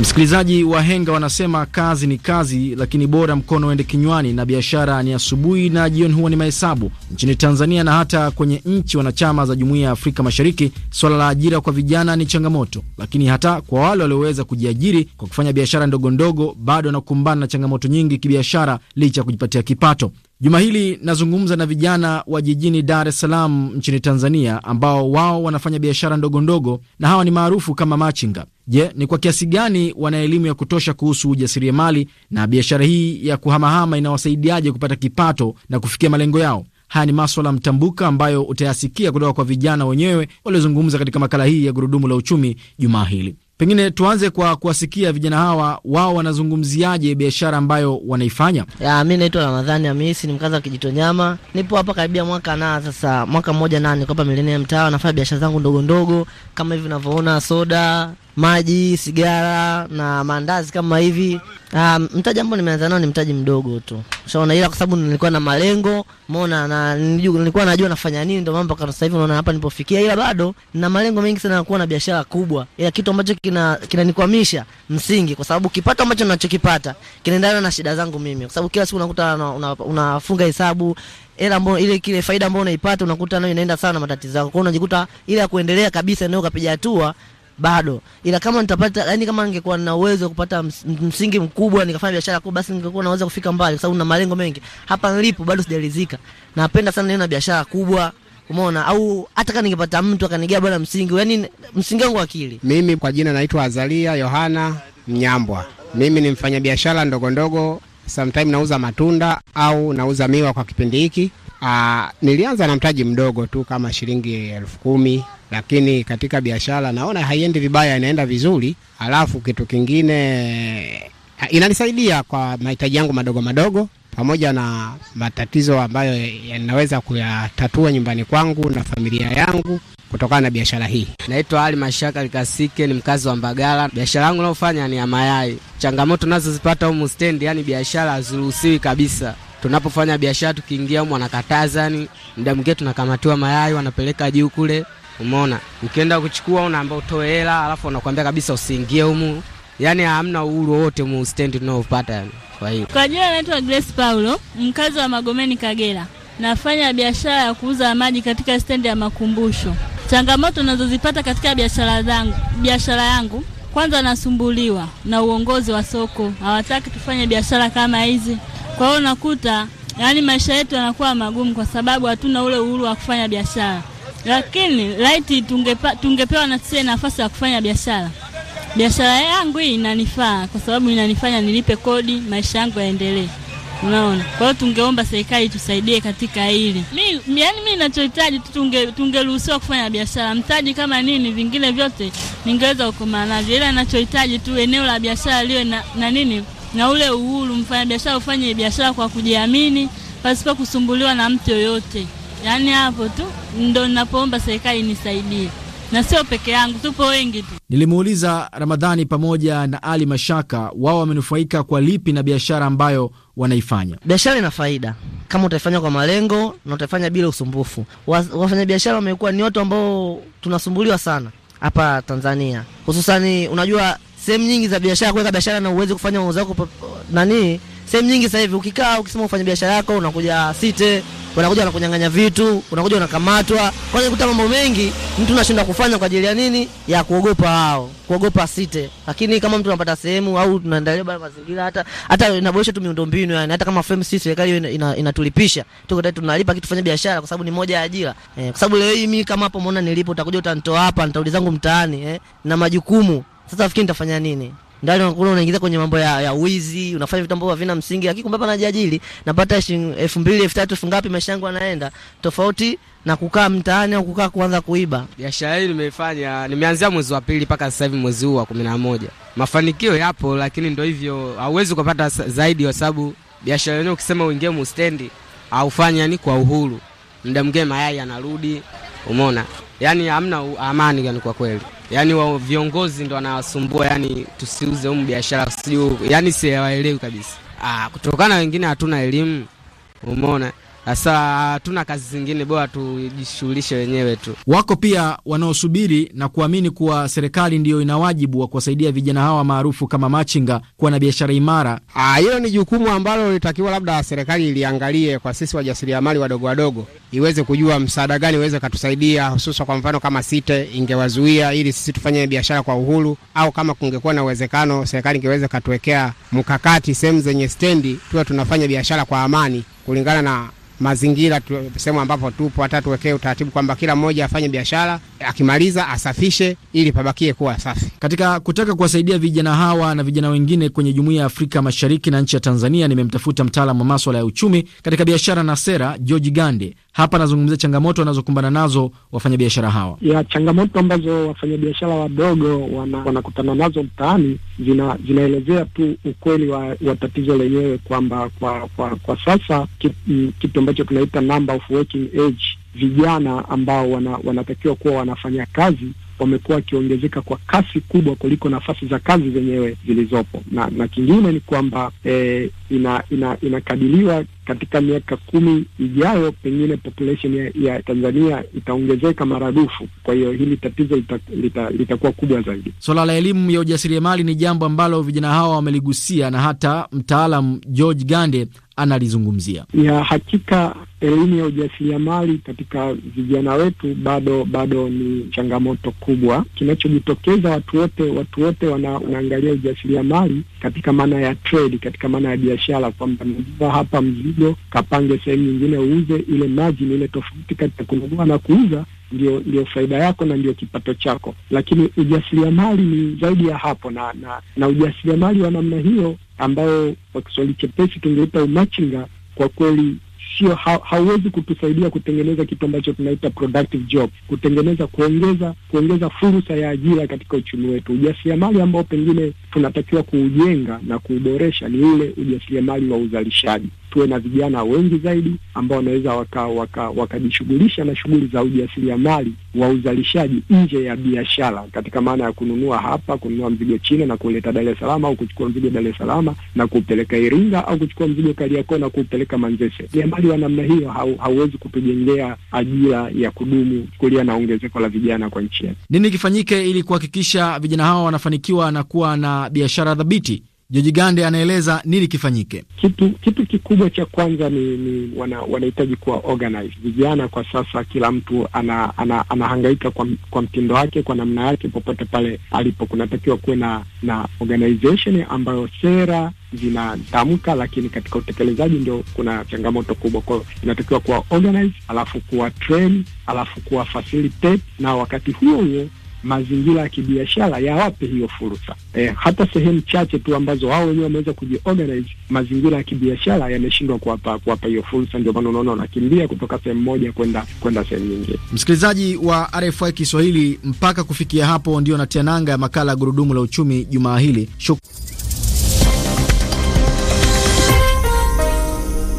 Msikilizaji, wahenga wanasema kazi ni kazi, lakini bora mkono uende kinywani, na biashara ni asubuhi na jioni huwa ni mahesabu. Nchini Tanzania na hata kwenye nchi wanachama za Jumuiya ya Afrika Mashariki, swala la ajira kwa vijana ni changamoto, lakini hata kwa wale walioweza kujiajiri kwa kufanya biashara ndogo ndogo, bado wanakumbana na changamoto nyingi kibiashara, licha ya kujipatia kipato. Juma hili nazungumza na vijana wa jijini Dar es Salaam nchini Tanzania, ambao wao wanafanya biashara ndogo ndogo na hawa ni maarufu kama machinga. Je, ni kwa kiasi gani wana elimu ya kutosha kuhusu ujasiriamali na biashara hii ya kuhamahama inawasaidiaje kupata kipato na kufikia malengo yao? Haya ni maswala mtambuka ambayo utayasikia kutoka kwa vijana wenyewe waliozungumza katika makala hii ya Gurudumu la Uchumi jumaa hili. Pengine tuanze kwa kuwasikia vijana hawa, wao wanazungumziaje biashara ambayo wanaifanya? Mi naitwa Ramadhani Hamisi, ni mkazi wa Kijitonyama, nipo hapa karibia mwaka na sasa, mwaka mmoja na niko hapa Milenia Mtaa, nafanya biashara zangu ndogo ndogo kama hivi unavyoona, soda maji, sigara na mandazi kama hivi. Um, mtaji ambao nimeanza nao ni mtaji mdogo tu, ushaona, ila kwa sababu nilikuwa na malengo umeona, na nilikuwa najua nafanya nini, ndio mambo kama sasa hivi unaona hapa nilipofikia, ila bado na malengo mengi sana ya kuwa na biashara kubwa, ila kitu ambacho kina kinanikwamisha msingi, kwa sababu kipato ambacho ninachokipata kinaendana na shida zangu mimi, kwa sababu kila siku unakuta unafunga hesabu ila ambayo ile kile faida ambayo unaipata unakuta nayo inaenda sana matatizo yako. Kwa hiyo unajikuta ile ya kuendelea kabisa ndio ukapiga hatua bado, ila kama nitapata, yani kama ningekuwa na uwezo kupata msingi mkubwa nikafanya biashara kubwa, basi ningekuwa naweza kufika mbali, kwa sababu na malengo mengi. Hapa nilipo bado sijalizika, napenda sana niwe na biashara kubwa Umeona, au hata kama ningepata mtu akanigea bwana msingi, yani msingi wangu akili. Mimi kwa jina naitwa Azalia Yohana Mnyambwa. Mimi ni mfanyabiashara ndogo ndogo, sometime nauza matunda au nauza miwa. Kwa kipindi hiki ah, nilianza na mtaji mdogo tu kama shilingi elfu kumi lakini katika biashara naona haiendi vibaya, inaenda vizuri. Alafu kitu kingine eh, inanisaidia kwa mahitaji yangu madogo madogo pamoja na matatizo ambayo yanaweza kuyatatua nyumbani kwangu na familia yangu kutokana na biashara hii. Naitwa Ali Mashaka Likasike, ni mkazi wa Mbagala. Biashara yangu naofanya ni ya mayai. Changamoto nazozipata humu stendi, yani biashara haziruhusiwi kabisa. Tunapofanya biashara tukiingia humu wanakataza, yani muda mwingine tunakamatiwa mayai wanapeleka juu kule Umeona, ukienda kuchukua unaambia utoe hela, alafu unakwambia kabisa usiingie humu, yaani hamna uhuru wote mu stendi tunaopata yani. Kwa hiyo kwa jina naitwa Grace Paulo, mkazi wa Magomeni, Kagera. Nafanya biashara ya kuuza maji katika stendi ya Makumbusho. Changamoto nazozipata katika biashara zangu, biashara yangu kwanza, nasumbuliwa na uongozi wa soko, hawataki tufanye biashara kama hizi. Kwa hiyo nakuta, yani maisha yetu yanakuwa magumu, kwa sababu hatuna ule uhuru wa kufanya biashara lakini laiti tungepa, tungepewa na sisi nafasi ya kufanya biashara. Biashara yangu hii inanifaa kwa sababu inanifanya nilipe kodi, maisha yangu yaendelee. Unaona, kwa hiyo tungeomba serikali tusaidie katika hili. Mi yani mi ninachohitaji tu tunge tungeruhusiwa kufanya biashara, mtaji kama nini, vingine vyote ningeweza kukomaa ila ninachohitaji tu eneo la biashara liwe na, na nini na ule uhuru, mfanya biashara ufanye biashara kwa kujiamini pasipo kusumbuliwa na mtu yoyote. Yaani hapo tu ndo ninapoomba serikali nisaidie, na sio peke yangu, tupo wengi tu. Nilimuuliza Ramadhani pamoja na Ali Mashaka, wao wamenufaika kwa lipi na biashara ambayo wanaifanya. Biashara ina faida kama utaifanya kwa malengo na utaifanya bila usumbufu. Wafanyabiashara wamekuwa ni watu ambao tunasumbuliwa sana hapa Tanzania, hususani unajua sehemu nyingi za biashara kuweka biashara na uweze kufanya mauzo yako nani, sehemu nyingi sasa hivi ukikaa ukisema ufanye biashara yako unakuja site unakuja wanakunyang'anya vitu, unakuja unakamatwa. Kwa hiyo kuta mambo mengi mtu anashinda kufanya kwa ajili ya nini? Ya kuogopa wao, kuogopa site. Lakini kama mtu anapata sehemu au tunaendelea bana mazingira, hata hata inaboresha tu miundombinu yani, hata kama frame sisi serikali inatulipisha ina, ina tuko tayari tunalipa kitu fanya biashara, kwa sababu ni moja ya ajira eh, kwa sababu leo hii mimi kama hapo umeona nilipo, utakuja utanitoa hapa, nitarudi zangu mtaani eh, na majukumu sasa, fikiri nitafanya nini? ndani unakula unaingiza kwenye mambo ya, ya wizi, unafanya vitu ambavyo havina msingi, lakini kumbe hapa najiajiri, napata elfu mbili elfu tatu elfu ngapi, maisha yangu yanaenda tofauti na kukaa mtaani au kukaa kuanza kuiba. Biashara hii nimeifanya, nimeanzia mwezi wa pili mpaka sasa hivi mwezi huu wa kumi na moja. Mafanikio yapo, lakini ndio hivyo, hauwezi kupata zaidi, kwa sababu biashara yenyewe ukisema uingie mustendi aufanye yani kwa uhuru, muda mwingine mayai yanarudi, umeona, yani hamna amani yani kwa kweli yani wa viongozi ndo wanawasumbua, yani tusiuze humu biashara sijui yani siwaelewi kabisa. Ah, kutokana wengine hatuna elimu, umeona sasa hatuna kazi zingine, bora tujishughulishe wenyewe tu. Wako pia wanaosubiri na kuamini kuwa serikali ndiyo ina wajibu wa kuwasaidia vijana hawa maarufu kama machinga kuwa na biashara imara. Ah, Hiyo ni jukumu ambalo litakiwa labda serikali iliangalie kwa sisi wajasiriamali wadogo wadogo, iweze kujua msaada gani iweze katusaidia, hususa kwa mfano kama site ingewazuia ili sisi tufanye biashara kwa uhuru, au kama kungekuwa na uwezekano serikali ingeweza katuwekea mkakati, sehemu zenye stendi tuwe tunafanya biashara kwa amani kulingana na mazingira sehemu ambapo tupo, hata tuwekee utaratibu kwamba kila mmoja afanye biashara, akimaliza asafishe ili pabakie kuwa safi. Katika kutaka kuwasaidia vijana hawa na vijana wengine kwenye jumuiya ya Afrika Mashariki na nchi ya Tanzania, nimemtafuta mtaalamu wa maswala ya uchumi katika biashara na sera George Gande hapa anazungumzia changamoto wanazokumbana nazo wafanyabiashara hawa. Ya changamoto ambazo wafanyabiashara wadogo wana, wanakutana nazo mtaani zina, zinaelezea tu ukweli wa, wa tatizo lenyewe kwamba kwa, kwa, kwa sasa mm, kitu ambacho tunaita number of working age, vijana ambao wana, wanatakiwa kuwa wanafanya kazi wamekuwa wakiongezeka kwa kasi kubwa kuliko nafasi za kazi zenyewe zilizopo, na na kingine ni kwamba eh, ina, ina, inakadiriwa katika miaka kumi ijayo pengine population ya, ya Tanzania itaongezeka maradufu. Kwa hiyo hili tatizo litakuwa lita, lita kubwa zaidi. Swala la elimu ya ujasiriamali ni jambo ambalo vijana hawa wameligusia, na hata mtaalam George Gande analizungumzia. Ya hakika elimu ya ujasiriamali katika vijana wetu bado bado ni changamoto kubwa. Kinachojitokeza, watu wote watu wote wanaangalia ujasiriamali katika maana ya trade, katika maana ya biashara, kwamba nunua hapa mzigo, kapange sehemu nyingine, uuze. Ile margin ile tofauti kati ya kununua na kuuza ndio ndio faida yako na ndio kipato chako, lakini ujasiriamali ni zaidi ya hapo, na na, na ujasiriamali wa namna hiyo ambayo kwa Kiswahili chepesi tungeita umachinga, kwa kweli sio ha, hauwezi kutusaidia kutengeneza kitu ambacho tunaita productive job, kutengeneza kuongeza kuongeza fursa ya ajira katika uchumi wetu. Ujasiriamali ambao pengine tunatakiwa kuujenga na kuuboresha ni ule ujasiriamali wa uzalishaji. Tuwe na vijana wengi zaidi ambao wanaweza wakajishughulisha waka, waka na shughuli za ujasiriamali wa uzalishaji nje ya biashara, katika maana ya kununua hapa, kununua mzigo China na kuleta Dar es Salaam, au kuchukua mzigo Dar es Salaam na kuupeleka Iringa, au kuchukua mzigo Kariakoo na kuupeleka Manzese. Ujasiriamali wa namna hiyo hau, hauwezi kutujengea ajira ya kudumu kulia na ongezeko la vijana kwa nchi yetu. Nini kifanyike ili kuhakikisha vijana hawa wanafanikiwa na kuwa na biashara thabiti, Joji Gande anaeleza nini kifanyike. Kitu kitu kikubwa cha kwanza ni, ni wanahitaji kuwa vijana. Kwa sasa kila mtu ana, ana, anahangaika kwa, kwa mtindo wake kwa namna yake popote pale alipo. Kunatakiwa kuwe na, na organization ambayo sera zinatamka lakini katika utekelezaji ndio kuna changamoto kubwa. Kwa hiyo inatakiwa kuwa organize, alafu kuwa train, alafu kuwa facilitate na wakati huo huo mazingira ya kibiashara yawape hiyo fursa e, hata sehemu chache tu ambazo wao wenyewe wameweza kujiorganize, mazingira ya kibiashara yameshindwa kuwapa kuwapa hiyo fursa, ndio maana unaona wanakimbia kutoka sehemu moja kwenda kwenda sehemu nyingine. Msikilizaji wa RFI Kiswahili, mpaka kufikia hapo ndio natia nanga ya makala ya gurudumu la uchumi jumaa hili Shuk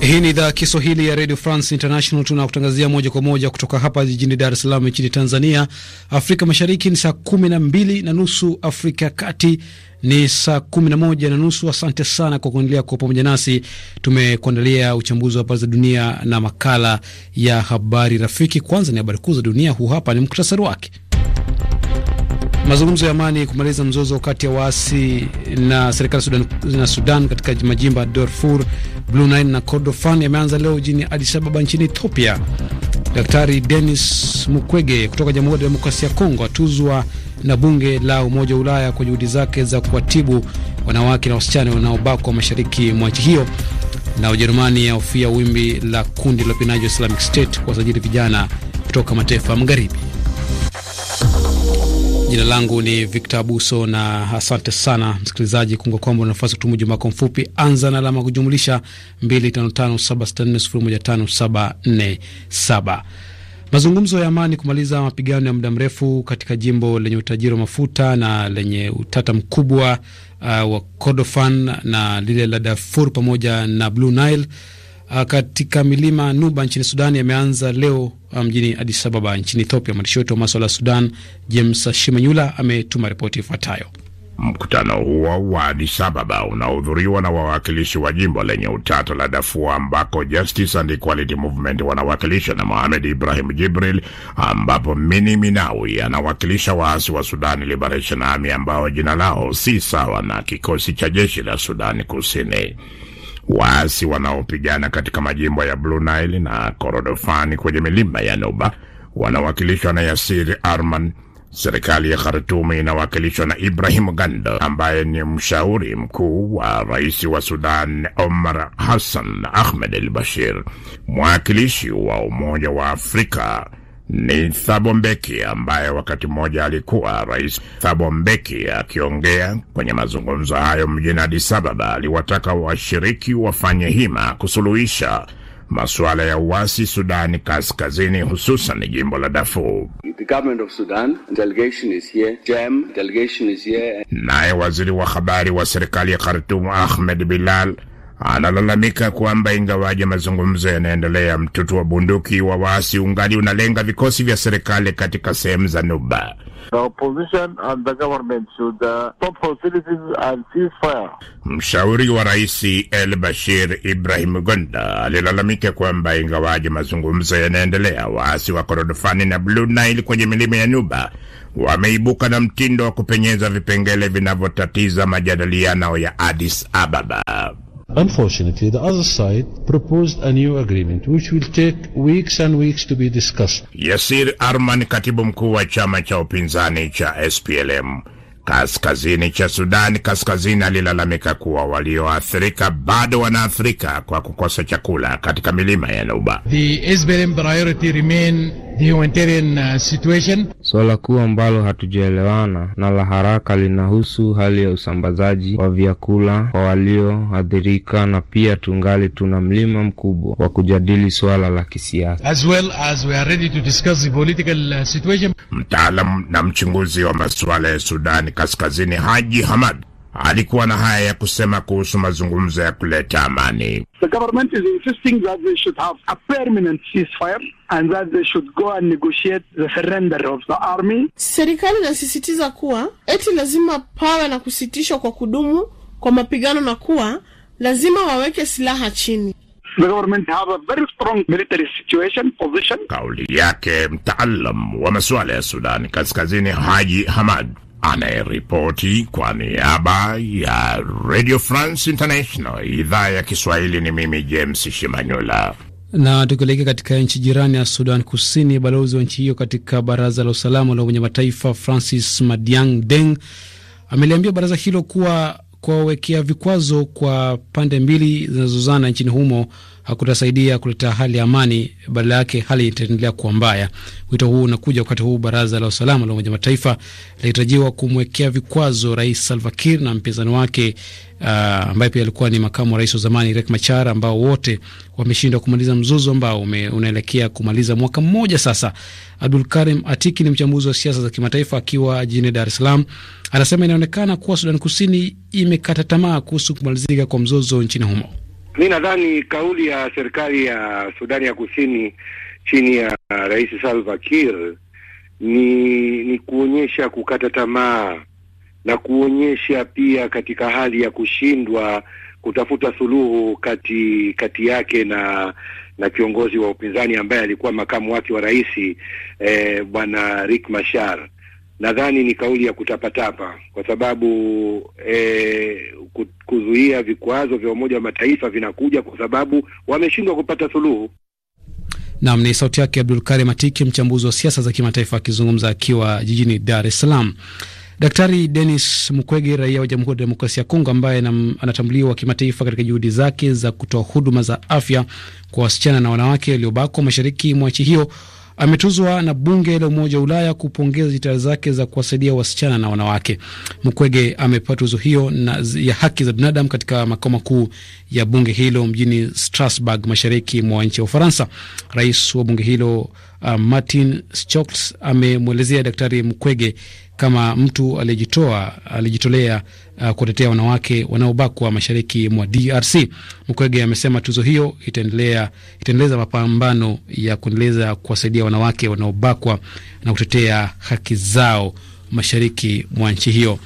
Hii ni idhaa ya Kiswahili ya Radio France International. Tunakutangazia moja kwa moja kutoka hapa jijini Dar es Salaam nchini Tanzania. Afrika Mashariki ni saa kumi na mbili na nusu, Afrika ya Kati ni saa kumi na moja na nusu. Asante sana kwa kuendelea kuwa pamoja nasi. Tumekuandalia uchambuzi wa habari za dunia na makala ya habari rafiki. Kwanza ni habari kuu za dunia, huu hapa ni muktasari wake. Mazungumzo ya amani kumaliza mzozo kati ya waasi na serikali Sudan, na Sudan katika majimba ya Darfur, Blue Nile na Kordofan yameanza leo jijini Addis Ababa nchini Ethiopia. Daktari Denis Mukwege kutoka Jamhuri ya Demokrasia ya Kongo atuzwa na bunge la Umoja wa Ulaya kwa juhudi zake za kuwatibu wanawake na wasichana wanaobakwa mashariki mwa nchi hiyo. Na Ujerumani yahofia wimbi la kundi la upiganaji wa Islamic State kuwasajili vijana kutoka mataifa ya magharibi. Jina langu ni Victor Abuso na asante sana msikilizaji kumbuka kwamba na nafasi kutuma ujumbe wako mfupi, anza na alama kujumulisha 255764015747. Mazungumzo ya amani kumaliza mapigano ya muda mrefu katika jimbo lenye utajiri wa mafuta na lenye utata mkubwa uh, wa Kordofan na lile la Darfur pamoja na Blue Nile uh, katika milima Nuba nchini Sudan yameanza leo ah, mjini um, Addis Ababa nchini Ethiopia. Mwandishi wetu wa maswala ya Sudan James Shimanyula ametuma ripoti ifuatayo. Mkutano huo wa Addis Ababa unahudhuriwa na wawakilishi wa jimbo lenye utata la Darfur ambako Justice and Equality Movement wanawakilishwa na Mohamed Ibrahim Jibril, ambapo Mini Minawi anawakilisha waasi wa sudan Liberation Army ambao jina lao si sawa na kikosi cha jeshi la Sudani Kusini. Waasi wanaopigana katika majimbo ya Blue Nile na Korodofani kwenye milima ya Nuba wanawakilishwa na Yasir Arman. Serikali ya Khartoum inawakilishwa na Ibrahim Gando ambaye ni mshauri mkuu wa rais wa Sudan Omar Hassan Ahmed al-Bashir. Mwakilishi wa Umoja wa Afrika ni Thabo Mbeki ambaye wakati mmoja alikuwa rais. Thabo Mbeki akiongea kwenye mazungumzo hayo mjini Addis Ababa aliwataka washiriki wafanye hima kusuluhisha masuala ya uasi Sudani Kaskazini, hususan jimbo la Darfur. Naye waziri wa habari wa serikali ya Khartoum Ahmed Bilal analalamika kwamba ingawaja mazungumzo yanaendelea, mtutu wa bunduki wa waasi ungali unalenga vikosi vya serikali katika sehemu za Nuba. Uh, Mshauri wa rais El Bashir Ibrahim Gonda alilalamika kwamba ingawaje mazungumzo yanaendelea, waasi wa Korodofani na Blue Nile kwenye milima ya Nuba wameibuka na mtindo wa kupenyeza vipengele vinavyotatiza majadiliano ya Addis Ababa. Unfortunately, the other side proposed a new agreement which will take weeks and weeks to be discussed. Yasir Arman, katibu mkuu wa chama cha upinzani cha SPLM kaskazini cha Sudani Kaskazini alilalamika kuwa walioathirika bado wanaathirika kwa kukosa chakula katika milima ya Nuba. Suala uh, kuu ambalo hatujaelewana na la haraka linahusu hali ya usambazaji wa vyakula kwa walioathirika, na pia tungali tuna mlima mkubwa wa kujadili suala la kisiasa. As well as we are ready to discuss the political uh, situation. Mtaalam na mchunguzi wa masuala ya Sudani Kaskazini Haji Hamad alikuwa na haya ya kusema kuhusu mazungumzo ya kuleta amani. The government is insisting that they should have a permanent ceasefire and that they should go and negotiate the surrender of the army. Serikali inasisitiza kuwa eti lazima pawe na kusitishwa kwa kudumu kwa mapigano na kuwa lazima waweke silaha chini. The government have a very strong military situation position. Kauli yake mtaalam wa masuala ya sudan Kaskazini Haji Hamad anayeripoti kwa niaba ya Radio France International idhaa ya Kiswahili. Ni mimi James Shimanyula. Na tukielekea katika nchi jirani ya Sudan Kusini, balozi wa nchi hiyo katika Baraza la Usalama la Umoja Mataifa Francis Madiang Deng ameliambia baraza hilo kuwa kuwawekea vikwazo kwa pande mbili zinazozana nchini humo hakutasaidia kuleta hali ya amani, badala yake hali itaendelea kuwa mbaya. Wito huu unakuja wakati huu baraza la usalama la Umoja Mataifa linatarajiwa kumwekea vikwazo Rais Salva Kiir na mpinzani wake uh, ambaye pia alikuwa ni makamu wa rais wa zamani Riek Machar, ambao wote wameshindwa kumaliza mzozo ambao unaelekea kumaliza mwaka mmoja sasa. Abdul Karim Atiki ni mchambuzi wa siasa za kimataifa akiwa jijini Dar es Salaam, anasema inaonekana kuwa Sudan Kusini imekata tamaa kuhusu kumalizika kwa mzozo nchini humo. Mi nadhani kauli ya serikali ya Sudani ya Kusini chini ya Rais Salva Kiir ni ni kuonyesha kukata tamaa na kuonyesha pia katika hali ya kushindwa kutafuta suluhu kati kati yake na na kiongozi wa upinzani ambaye alikuwa makamu wake wa rais eh, Bwana Riek Machar nadhani ni kauli ya kutapatapa kwa sababu e, kuzuia vikwazo vya Umoja wa Mataifa vinakuja kwa sababu wameshindwa kupata suluhu. Nam ni sauti yake Abdul Karim Atiki, mchambuzi wa siasa za kimataifa akizungumza akiwa jijini Dar es Salaam. Daktari Denis Mukwege, raia wa Jamhuri ya Demokrasia ya Kongo, ambaye anatambuliwa kimataifa katika juhudi zake za kutoa huduma za afya kwa wasichana na wanawake waliobakwa mashariki mwa nchi hiyo, ametuzwa na bunge la Umoja wa Ulaya kupongeza jitihada zake za kuwasaidia wasichana na wanawake. Mukwege amepata tuzo hiyo na ya haki za binadamu katika makao makuu ya bunge hilo mjini Strasbourg, mashariki mwa nchi ya Ufaransa. Rais wa bunge hilo uh, Martin Schulz amemwelezea Daktari Mukwege kama mtu aliyejitoa alijitolea uh, kutetea wanawake wanaobakwa mashariki mwa DRC. Mukwege amesema tuzo hiyo itaendelea itaendeleza mapambano ya kuendeleza kuwasaidia wanawake wanaobakwa na kutetea haki zao mashariki mwa nchi hiyo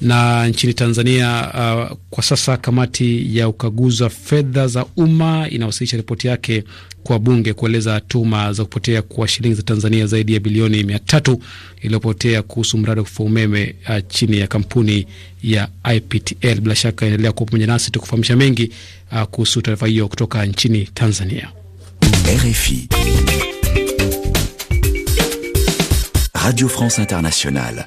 na nchini Tanzania uh, kwa sasa kamati ya ukaguzi wa fedha za umma inawasilisha ripoti yake kwa bunge kueleza tuma za kupotea kwa shilingi za Tanzania zaidi ya bilioni mia tatu iliyopotea kuhusu mradi wa kufua umeme uh, chini ya kampuni ya IPTL. Bila shaka endelea kuwa pamoja nasi tukufahamisha mengi uh, kuhusu taarifa hiyo kutoka nchini Tanzania. RFI Radio France Internationale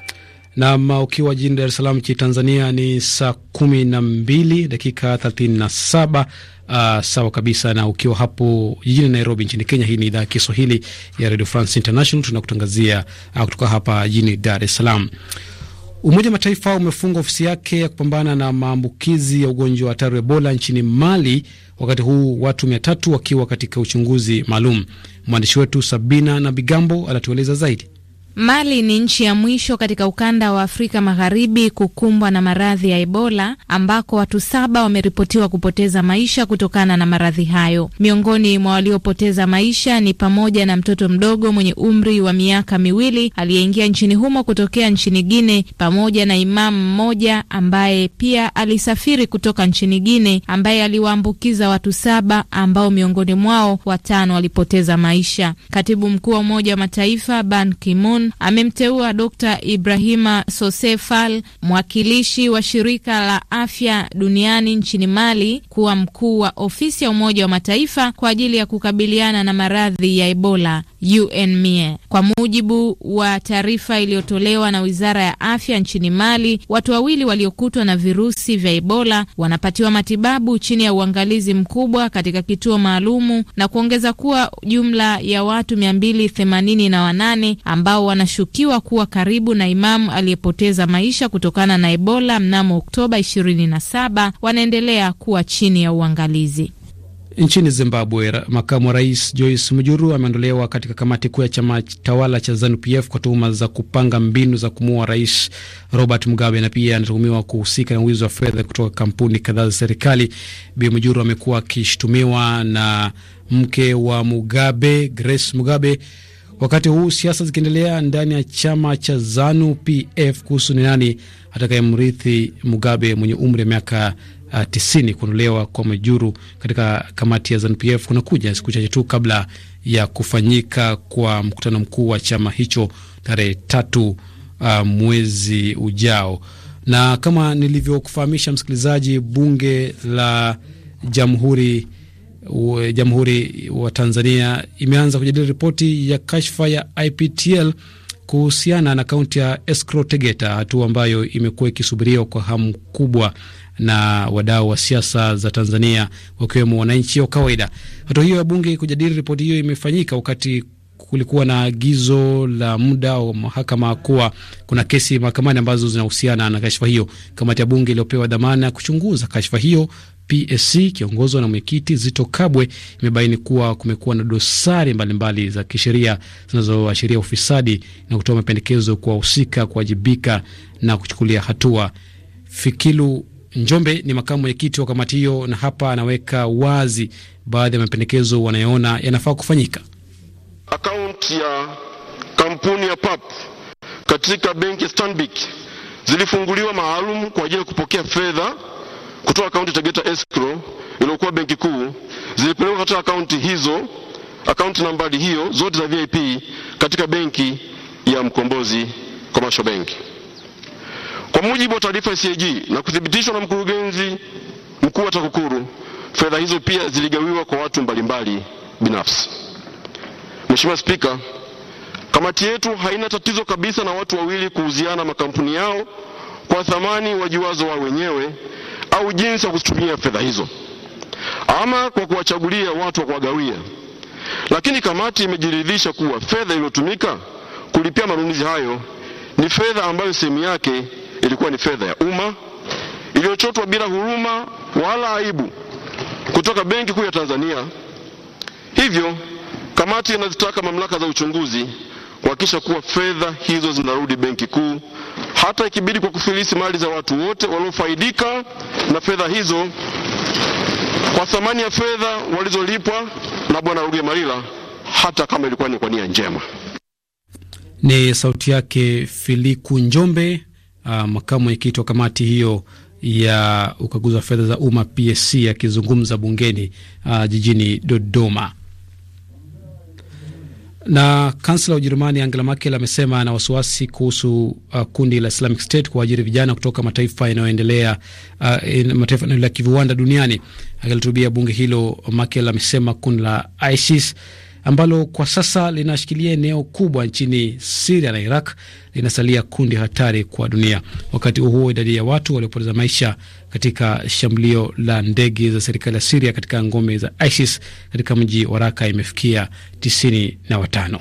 Nam, ukiwa jijini Dar es Salaam nchini Tanzania ni saa kumi na mbili dakika thelathini na saba. Uh, sawa kabisa na ukiwa hapo jijini Nairobi nchini Kenya. Hii ni idhaa ya Kiswahili ya Radio France International, tunakutangazia uh, kutoka hapa jijini Dar es Salaam. Umoja wa Mataifa umefunga ofisi yake ya kupambana na maambukizi ya ugonjwa wa hatari Ebola nchini Mali, wakati huu watu mia tatu wakiwa katika uchunguzi maalum. Mwandishi wetu Sabina na Bigambo anatueleza zaidi. Mali ni nchi ya mwisho katika ukanda wa Afrika Magharibi kukumbwa na maradhi ya Ebola ambako watu saba wameripotiwa kupoteza maisha kutokana na maradhi hayo. Miongoni mwa waliopoteza maisha ni pamoja na mtoto mdogo mwenye umri wa miaka miwili aliyeingia nchini humo kutokea nchini Gine, pamoja na imamu mmoja ambaye pia alisafiri kutoka nchini Gine, ambaye aliwaambukiza watu saba ambao miongoni mwao watano walipoteza maisha. Katibu mkuu wa Umoja wa Mataifa Ban Ki-moon Cameroon amemteua Dr Ibrahima Sosefal, mwakilishi wa shirika la afya duniani nchini Mali, kuwa mkuu wa ofisi ya Umoja wa Mataifa kwa ajili ya kukabiliana na maradhi ya Ebola UNMIE. Kwa mujibu wa taarifa iliyotolewa na wizara ya afya nchini Mali, watu wawili waliokutwa na virusi vya Ebola wanapatiwa matibabu chini ya uangalizi mkubwa katika kituo maalumu na kuongeza kuwa jumla ya watu 288 ambao wanashukiwa kuwa karibu na imamu aliyepoteza maisha kutokana na Ebola mnamo Oktoba 27 wanaendelea kuwa chini ya uangalizi. Nchini Zimbabwe, makamu wa rais Joyce Mujuru ameondolewa katika kamati kuu ya chama tawala cha ZANUPF kwa tuhuma za kupanga mbinu za kumuua rais Robert Mugabe, na pia anatuhumiwa kuhusika na wizi wa fedha kutoka kampuni kadhaa za serikali. Bi Mujuru amekuwa akishutumiwa na mke wa Mugabe, Grace Mugabe Wakati huu siasa zikiendelea ndani ya chama cha ZANU PF kuhusu ni nani atakayemrithi Mugabe mwenye umri wa miaka uh, tisini. Kuondolewa kwa Majuru katika kamati ya ZANU PF kunakuja siku chache tu kabla ya kufanyika kwa mkutano mkuu wa chama hicho tarehe tatu uh, mwezi ujao. Na kama nilivyokufahamisha msikilizaji, bunge la jamhuri Eh, Jamhuri wa Tanzania imeanza kujadili ripoti ya kashfa ya IPTL kuhusiana na kaunti ya escrow Tegeta, hatua ambayo imekuwa ikisubiriwa kwa hamu kubwa na wadau wa siasa za Tanzania wakiwemo wananchi wa kawaida. Hatua hiyo ya bunge kujadili ripoti hiyo imefanyika wakati kulikuwa na agizo la muda wa mahakama kuwa kuna kesi mahakamani ambazo zinahusiana na kashfa hiyo. Kamati ya bunge iliyopewa dhamana ya kuchunguza kashfa hiyo PSC ikiongozwa na mwenyekiti Zito Kabwe imebaini kuwa kumekuwa na dosari mbalimbali mbali za kisheria zinazoashiria ufisadi na kutoa mapendekezo kwa wahusika kuwajibika na kuchukulia hatua. Fikilu Njombe ni makamu mwenyekiti wa kamati hiyo, na hapa anaweka wazi baadhi ya mapendekezo wanayoona yanafaa kufanyika. Akaunti ya kampuni ya PAP katika benki Stanbic zilifunguliwa maalum kwa ajili ya kupokea fedha kutoa akaunti Tegeta Escrow iliyokuwa benki kuu zilipelekwa katika akaunti hizo, akaunti nambari hiyo zote za VIP katika benki ya Mkombozi Commercial Bank. Kwa mujibu wa taarifa ya CAG na kuthibitishwa na mkurugenzi mkuu wa TAKUKURU, fedha hizo pia ziligawiwa kwa watu mbalimbali binafsi. Mheshimiwa Spika, kamati yetu haina tatizo kabisa na watu wawili kuuziana makampuni yao kwa thamani wajuazo wao wenyewe au jinsi ya kuzitumia fedha hizo, ama kwa kuwachagulia watu wa kuwagawia. Lakini kamati imejiridhisha kuwa fedha iliyotumika kulipia manunuzi hayo ni fedha ambayo sehemu yake ilikuwa ni fedha ya umma iliyochotwa bila huruma wala aibu kutoka Benki Kuu ya Tanzania. Hivyo kamati inazitaka mamlaka za uchunguzi kuhakikisha kuwa fedha hizo zinarudi Benki Kuu hata ikibidi kwa kufilisi mali za watu wote waliofaidika na fedha hizo kwa thamani ya fedha walizolipwa na Bwana Rugemalira, hata kama ilikuwa ni kwa nia njema. Ni sauti yake Filiku Njombe, uh, makamu mwenyekiti wa kamati hiyo ya ukaguzi wa fedha za umma PSC akizungumza bungeni uh, jijini Dodoma. Na kansela wa Ujerumani Angela Merkel amesema ana wasiwasi kuhusu uh, kundi la Islamic State kuajiri vijana kutoka mataifa yanayoendelea uh, in, mataifa yanayoendelea kiviwanda duniani. Akilihutubia bunge hilo, Merkel amesema kundi la ISIS ambalo kwa sasa linashikilia eneo kubwa nchini Siria na Iraq linasalia kundi hatari kwa dunia. Wakati huo idadi ya watu waliopoteza maisha katika shambulio la ndege za serikali ya Siria katika ngome za ISIS katika mji wa Raka imefikia tisini na watano.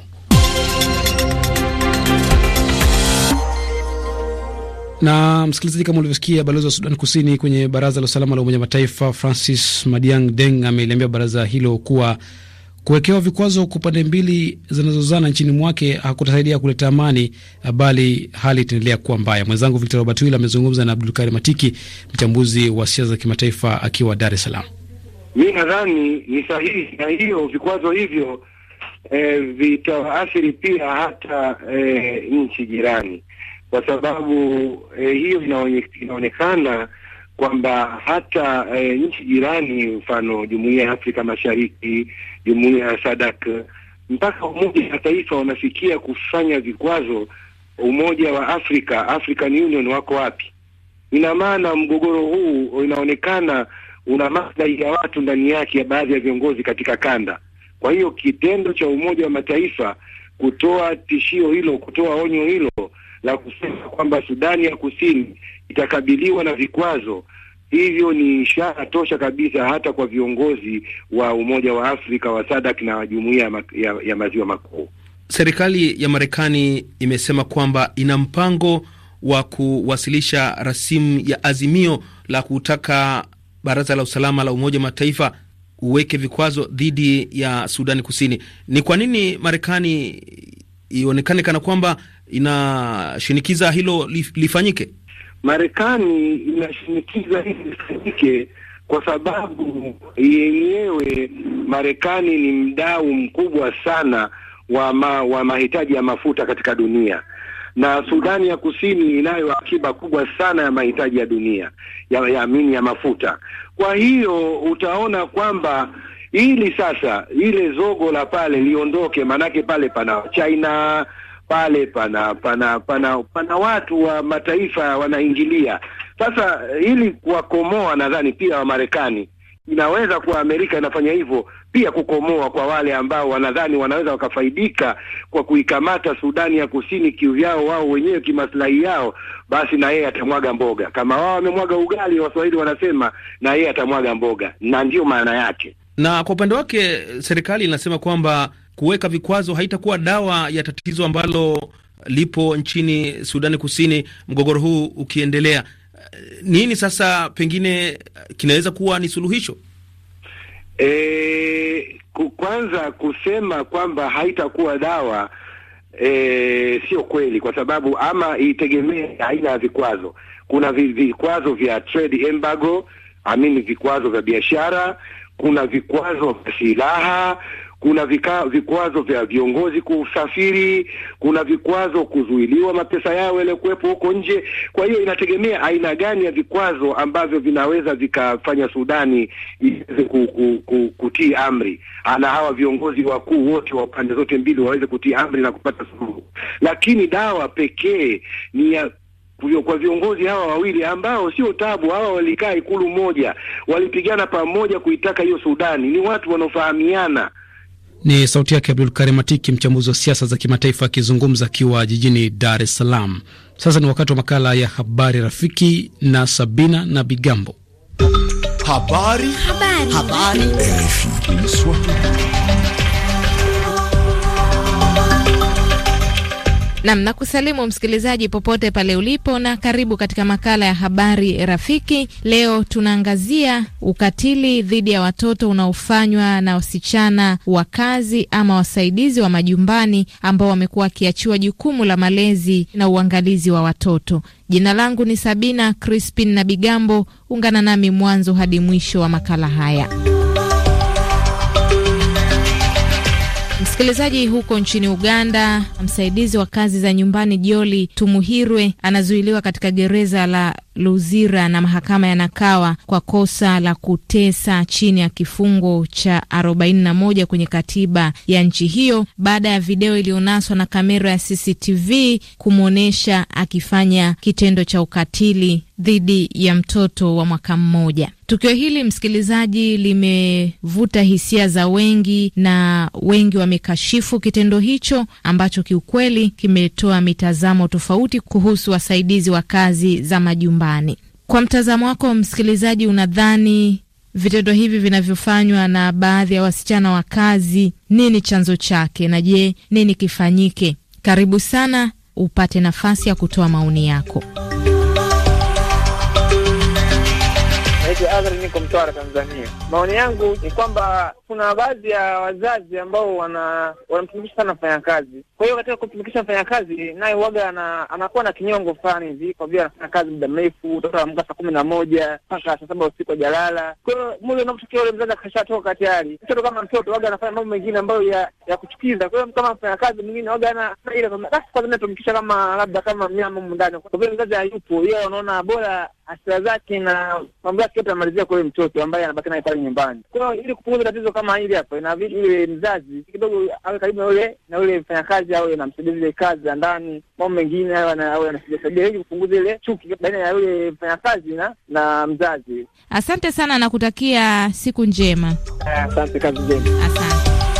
na msikilizaji, kama ulivyosikia, balozi wa Sudan Kusini kwenye baraza la usalama la Umoja Mataifa Francis Madiang Deng ameliambia baraza hilo kuwa Kuwekewa vikwazo kwa pande mbili zinazozana nchini mwake hakutasaidia kuleta amani, bali hali itaendelea kuwa mbaya. Mwenzangu Victor Robert Wille amezungumza na Abdulkari Matiki, mchambuzi wa siasa za kimataifa akiwa Dar es Salaam. Mi nadhani ni sahihi, na hiyo vikwazo hivyo e, vitaathiri pia hata e, nchi jirani, kwa sababu e, hiyo inaonekana kwamba hata e, nchi jirani, mfano jumuiya ya Afrika Mashariki, jumuiya ya sadak mpaka Umoja wa Mataifa wanafikia kufanya vikwazo. Umoja wa Afrika, African Union wako wapi? Ina maana mgogoro huu inaonekana una maslahi ya watu ndani yake, ya baadhi ya viongozi katika kanda. Kwa hiyo kitendo cha Umoja wa Mataifa kutoa tishio hilo, kutoa onyo hilo la kusema kwamba Sudani ya Kusini itakabiliwa na vikwazo. Hivyo ni ishara tosha kabisa hata kwa viongozi wa Umoja wa Afrika wa SADAK na Jumuiya ya, ya, ya Maziwa Makuu. Serikali ya Marekani imesema kwamba ina mpango wa kuwasilisha rasimu ya azimio la kutaka Baraza la Usalama la Umoja wa Mataifa uweke vikwazo dhidi ya Sudani Kusini. Ni kwa nini Marekani ionekane kana kwamba inashinikiza hilo lifanyike? Marekani inashinikiza hili lifanyike kwa sababu yenyewe Marekani ni mdau mkubwa sana wa, ma, wa mahitaji ya mafuta katika dunia na Sudani ya Kusini inayo akiba kubwa sana ya mahitaji ya dunia ya, ya amini ya mafuta. Kwa hiyo utaona kwamba ili sasa ile zogo la pale liondoke, maanake pale pana China pale pana pana pana pana watu wa mataifa wanaingilia. Sasa eh, ili kuwakomoa, nadhani pia Wamarekani inaweza kuwa Amerika inafanya hivyo pia kukomoa kwa wale ambao wanadhani wanaweza wakafaidika kwa kuikamata Sudani ya Kusini kivyao wao wenyewe kimaslahi yao, basi na yeye atamwaga mboga kama wao wamemwaga ugali, Waswahili wanasema, na yeye atamwaga mboga, na ndiyo maana yake. Na kwa upande wake serikali inasema kwamba kuweka vikwazo haitakuwa dawa ya tatizo ambalo lipo nchini Sudani Kusini, mgogoro huu ukiendelea. Eh, nini sasa pengine eh, kinaweza kuwa ni suluhisho? E, kwanza kusema kwamba haitakuwa dawa e, sio kweli, kwa sababu ama itegemee aina ya vikwazo. Kuna vikwazo vya trade embargo, amini vikwazo vya biashara, kuna vikwazo vya silaha kuna vika, vikwazo vya viongozi kusafiri, kuna vikwazo kuzuiliwa mapesa yao yaliyokuwepo huko nje. Kwa hiyo inategemea aina gani ya vikwazo ambavyo vinaweza vikafanya Sudani iweze ku, ku, ku, kutii amri na hawa viongozi wakuu wote wa pande zote mbili waweze kutii amri na kupata suluhu, lakini dawa pekee ni ya kwa viongozi hawa wawili ambao sio tabu. Hawa walikaa ikulu moja, walipigana pamoja kuitaka hiyo Sudani. Ni watu wanaofahamiana ni sauti yake Abdul Karim Atiki, mchambuzi wa siasa za kimataifa akizungumza akiwa jijini Dar es Salaam. Sasa ni wakati wa makala ya habari rafiki na Sabina na Bigambo. Habari. Habari. Habari. Habari. Nam na kusalimu msikilizaji popote pale ulipo, na karibu katika makala ya habari rafiki. Leo tunaangazia ukatili dhidi ya watoto unaofanywa na wasichana wa kazi ama wasaidizi wa majumbani ambao wamekuwa wakiachiwa jukumu la malezi na uangalizi wa watoto. Jina langu ni Sabina Crispin na Bigambo. Ungana nami mwanzo hadi mwisho wa makala haya. Msikilizaji, huko nchini Uganda, msaidizi wa kazi za nyumbani Joli Tumuhirwe anazuiliwa katika gereza la Luzira na mahakama ya Nakawa kwa kosa la kutesa chini ya kifungo cha 41 kwenye katiba ya nchi hiyo baada ya video iliyonaswa na kamera ya CCTV kumwonyesha akifanya kitendo cha ukatili dhidi ya mtoto wa mwaka mmoja. Tukio hili msikilizaji, limevuta hisia za wengi na wengi wamekashifu kitendo hicho ambacho kiukweli kimetoa mitazamo tofauti kuhusu wasaidizi wa kazi za majumbani. Kwa mtazamo wako msikilizaji, unadhani vitendo hivi vinavyofanywa na baadhi ya wasichana wa kazi, nini chanzo chake, na je, nini kifanyike? Karibu sana upate nafasi ya kutoa maoni yako. Abdul Adhari, niko Mtwara, Tanzania. Maoni yangu ni kwamba kuna baadhi ya wazazi ambao wana sana fanya kazi kwa hiyo katika kutumikisha mfanyakazi naye waga ana, anakuwa na kinyongo fulani hivi, kwa vile anafanya kazi muda mrefu, mtoto anaamka saa kumi na moja mpaka saa saba usiku ajalala. Kwa hiyo mule unapotokea ule mzazi akashatoka tayari, mtoto kama mtoto waga anafanya mambo mengine ambayo ya, ya kuchukiza. Kwa hiyo kama mfanyakazi mwingine waga ana ile basi, kwanza natumikisha kama labda kama mnyama humu ndani, kwa vile mzazi hayupo, yeye anaona bora hasira zake na mambo yake yote anamalizia kwa ule mtoto ambaye anabaki naye pale nyumbani. Kwa hiyo ili kupunguza tatizo kama hili hapa, inabidi ule mzazi kidogo awe karibu na ule na ule mfanyakazi kazi au yanamsaidia zile kazi za ndani, mambo mengine hayo yanasaidia ili kupunguza ile chuki baina ya yule mfanyakazi na na mzazi. Asante sana, nakutakia siku njema. Asante, kazi njema, asante.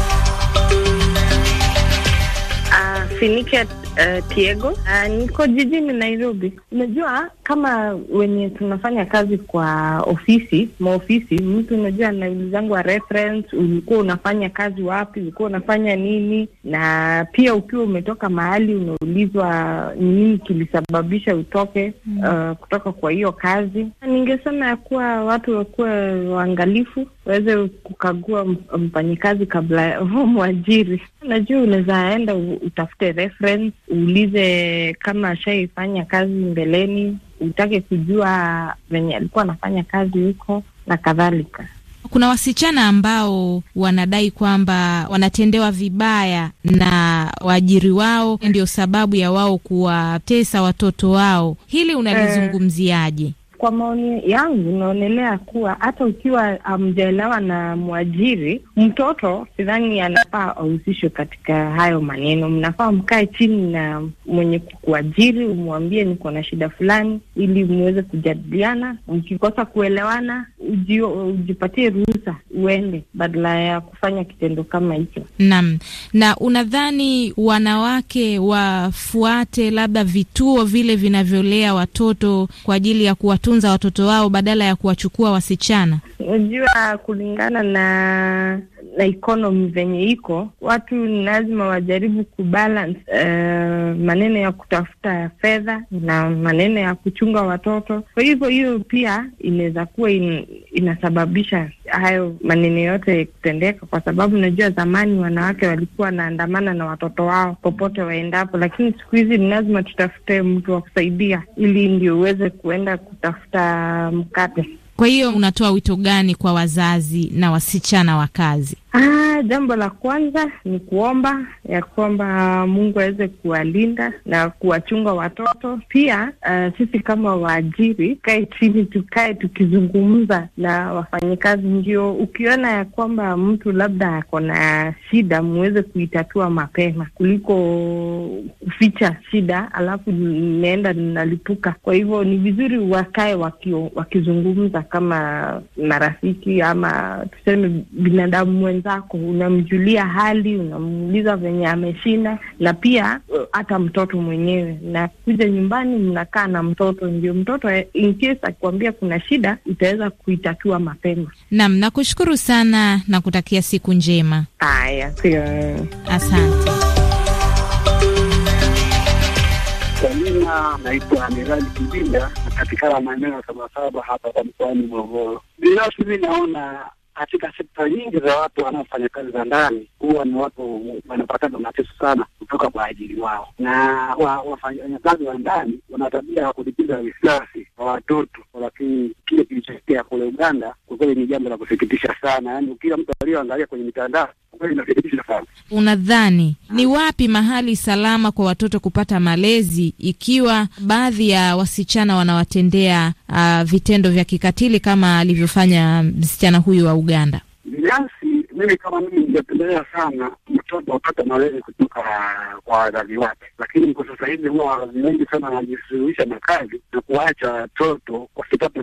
Finike uh, Tiego uh, niko jijini Nairobi. Unajua kama wenye tunafanya kazi kwa ofisi maofisi, mtu unajua naulizangwa reference, ulikuwa unafanya kazi wapi, ulikuwa unafanya nini, na pia ukiwa umetoka mahali unaulizwa nini kilisababisha utoke mm, uh, kutoka kwa hiyo kazi. Ningesema ya kuwa watu wakuwe waangalifu uweze kukagua mfanyikazi kabla ya mwajiri. Unajua, unaweza enda utafute reference, uulize kama ashaifanya kazi mbeleni, utake kujua venye alikuwa anafanya kazi huko na kadhalika. Kuna wasichana ambao wanadai kwamba wanatendewa vibaya na waajiri wao, ndio sababu ya wao kuwatesa watoto wao. Hili eh. unalizungumziaje? Kwa maoni yangu naonelea kuwa hata ukiwa amjaelewa um, na mwajiri, mtoto sidhani anafaa ahusishwe katika hayo maneno. Mnafaa mkae chini na mwenye kukuajiri, umwambie niko na shida fulani, ili mweze kujadiliana. Mkikosa kuelewana, ujio, ujipatie ruhusa uende, badala ya kufanya kitendo kama hicho. Naam. Na unadhani wanawake wafuate labda vituo vile vinavyolea watoto kwa ajili ya kuwatu kutunza watoto wao badala ya kuwachukua wasichana? Unajua, kulingana na na economy zenye iko, watu lazima wajaribu kubalance uh, maneno ya kutafuta fedha na maneno ya kuchunga watoto. Kwa hivyo hiyo pia inaweza kuwa in, inasababisha hayo maneno yote kutendeka, kwa sababu najua zamani wanawake walikuwa wanaandamana na watoto wao popote waendapo, lakini siku hizi ni lazima tutafute mtu wa kusaidia ili ndio uweze kuenda kutafuta mkate. Kwa hiyo unatoa wito gani kwa wazazi na wasichana wa kazi? Ah, jambo la kwanza ni kuomba ya kwamba Mungu aweze kuwalinda na kuwachunga watoto. Pia uh, sisi kama waajiri kae chini, tukae tukizungumza na wafanyikazi, ndio ukiona ya kwamba mtu labda ako na shida muweze kuitatua mapema kuliko kuficha shida alafu nimeenda nalipuka. Kwa hivyo ni vizuri wakae wakio, wakizungumza kama marafiki ama tuseme binadamu mwenzako, unamjulia hali, unamuuliza venye ameshinda, na pia eh. hata mtoto mwenyewe. Na kuja nyumbani, mnakaa na mtoto, ndio mtoto in case akikwambia kuna shida, utaweza kuitatua mapema. Naam, nakushukuru sana na kutakia siku njema. Haya, asante. Amina, naitwa Amirali Kibinda, napatikana maeneo ya Sabasaba hapa kwa mkoani Morogoro. Binafsi mi naona katika sekta nyingi za watu wanaofanya kazi za ndani huwa ni watu wanapata mateso sana kutoka kwa ajili wao, na wafanyakazi wa ndani wana tabia ya kulipiza visasi kwa watoto. Lakini kile kilichotokea kule Uganda kwa kweli ni jambo la kusikitisha sana, yaani kila mtu aliyoangalia kwenye mitandao kwa kweli inasikitisha sana. Unadhani ni wapi mahali salama kwa watoto kupata malezi ikiwa baadhi ya wasichana wanawatendea uh, vitendo vya kikatili kama alivyofanya msichana huyu wa Uganda? Binafsi mimi kama mimi ningependelea sana mtoto apate malezi kutoka kwa wazazi wake, lakini kwa sasa hivi huwa wazazi wengi sana wanajishughulisha na kazi na kuacha watoto wasipate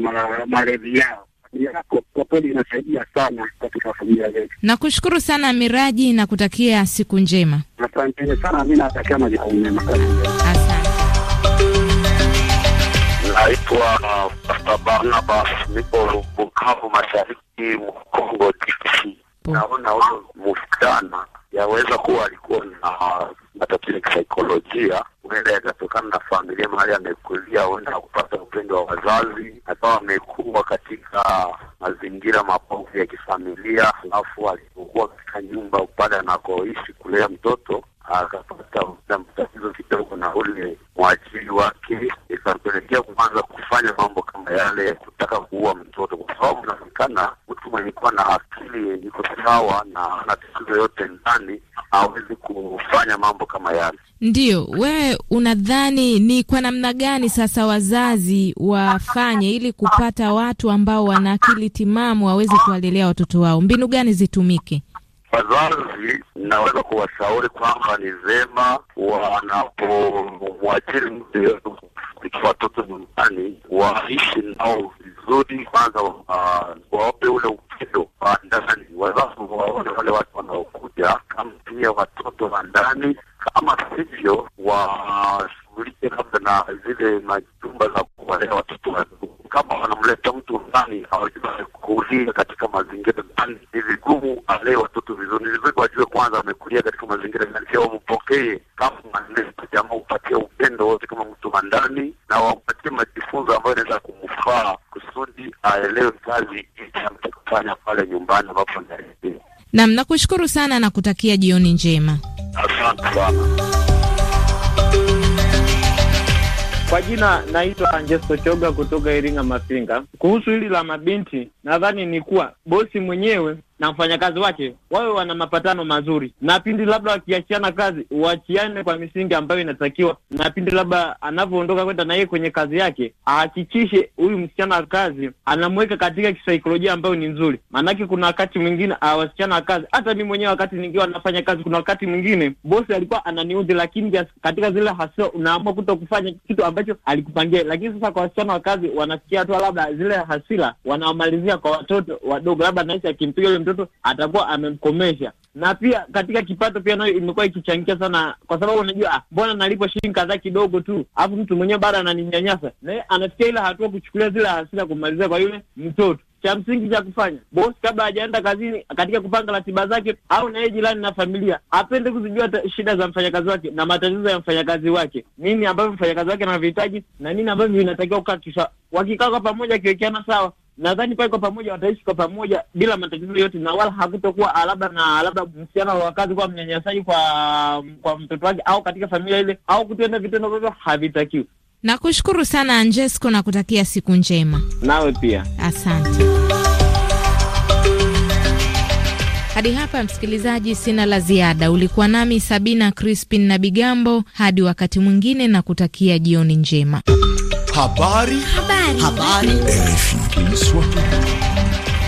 malezi yao yako kwa kweli inasaidia sana katika familia zetu. Nakushukuru sana Miraji na kutakia siku njema. Asanteni sana, mi natakia majukumu mema. Asante. Naitwa Pasta uh, Barnabas, nipo Bukavu, mashariki mwa Kongo DRC. Mm. Naona huyo msichana yaweza kuwa alikuwa na matatizo ya kisaikolojia, huenda yakatokana na familia mahali amekulia, huenda kupata upendo wa wazazi, akawa amekuwa katika mazingira mabovu ya kifamilia, alafu alipokuwa katika nyumba upande anakoishi kulea mtoto akapata matatizo kidogo na ule sawa na na tatizo yote ndani, hawezi kufanya mambo kama yale. Ndio wewe unadhani ni kwa namna gani sasa wazazi wafanye ili kupata watu ambao wana akili timamu waweze kuwalelea watoto wao? Mbinu gani zitumike? Wazazi naweza kuwashauri kwamba ni vema wanapomwajiri mtu yeyote kufikia watoto nyumbani, waishi nao vizuri kwanza, uh, waope ule wa ndani, wazazi waone wale watu wanaokuja kama pia watoto wa ndani, kama sivyo washughulike labda na zile majumba za kuwalea watoto wadogo. Kama wanamleta mtu ndani hawajua kulia katika mazingira gani, ni vigumu alee watoto vizuri. Ni vizuri wajue kwanza amekulia katika mazingira gani, pia wampokee kama jamaa, upatie upendo wote kama mtu wa ndani, na wampatie majifunzo ambayo inaweza kumfaa kusudi aelewe kazi kufanya pale nyumbani ambapo naredia. Naam, nakushukuru sana na kutakia jioni njema. Asante sana. Kwa jina naitwa Angesto Choga kutoka Iringa Mafinga. Kuhusu hili la mabinti, nadhani ni kuwa bosi mwenyewe na mfanyakazi wake wawe wana mapatano mazuri, na pindi labda wakiachiana kazi waachiane kwa misingi ambayo inatakiwa, na pindi labda anavyoondoka kwenda na yeye kwenye kazi yake ahakikishe huyu msichana wa kazi anamweka katika kisaikolojia ambayo ni nzuri. Maanake kuna wakati mwingine ah, wasichana wa kazi, hata mi mwenyewe wakati ningiwa nafanya kazi, kuna wakati mwingine bosi alikuwa ananiudhi, lakini katika zile hasira unaamua kuto kufanya kitu ambacho alikupangia. Lakini sasa kwa wasichana wa kazi wanasikia tu labda zile hasira wanamalizia kwa watoto wadogo, labda naisi akimpiga mtoto atakuwa amemkomesha na pia katika kipato pia nayo imekuwa ikichangia sana, kwa sababu unajua ah, mbona nalipwa shilingi kadhaa kidogo tu, alafu mtu mwenyewe bado ananinyanyasa, naye anafikia ile hatua kuchukulia zile hasira kumalizia kwa yule mtoto. Cha msingi cha kufanya bosi kabla hajaenda kazini, katika kupanga ratiba zake, au naye jirani na familia, apende kuzijua shida za mfanyakazi wake na matatizo ya mfanyakazi wake, nini ambavyo mfanyakazi wake anavihitaji na nini ambavyo vinatakiwa kukakisha. Wakikaa kwa pamoja, akiwekeana sawa nadhani pale kwa pamoja wataishi kwa pamoja bila matatizo yote, na wala hakutokuwa ah, labda na labda msichana wa kazi kuwa mnyanyasaji kwa kwa mtoto wake au katika familia ile au kutenda vitendo vyovyo havitakiwi. Nakushukuru sana Anjesco na kutakia siku njema. Nawe pia asante. Hadi hapa msikilizaji, sina la ziada. Ulikuwa nami Sabina Crispin na Bigambo. Hadi wakati mwingine, na kutakia jioni njema. Habari. Habari. Habari.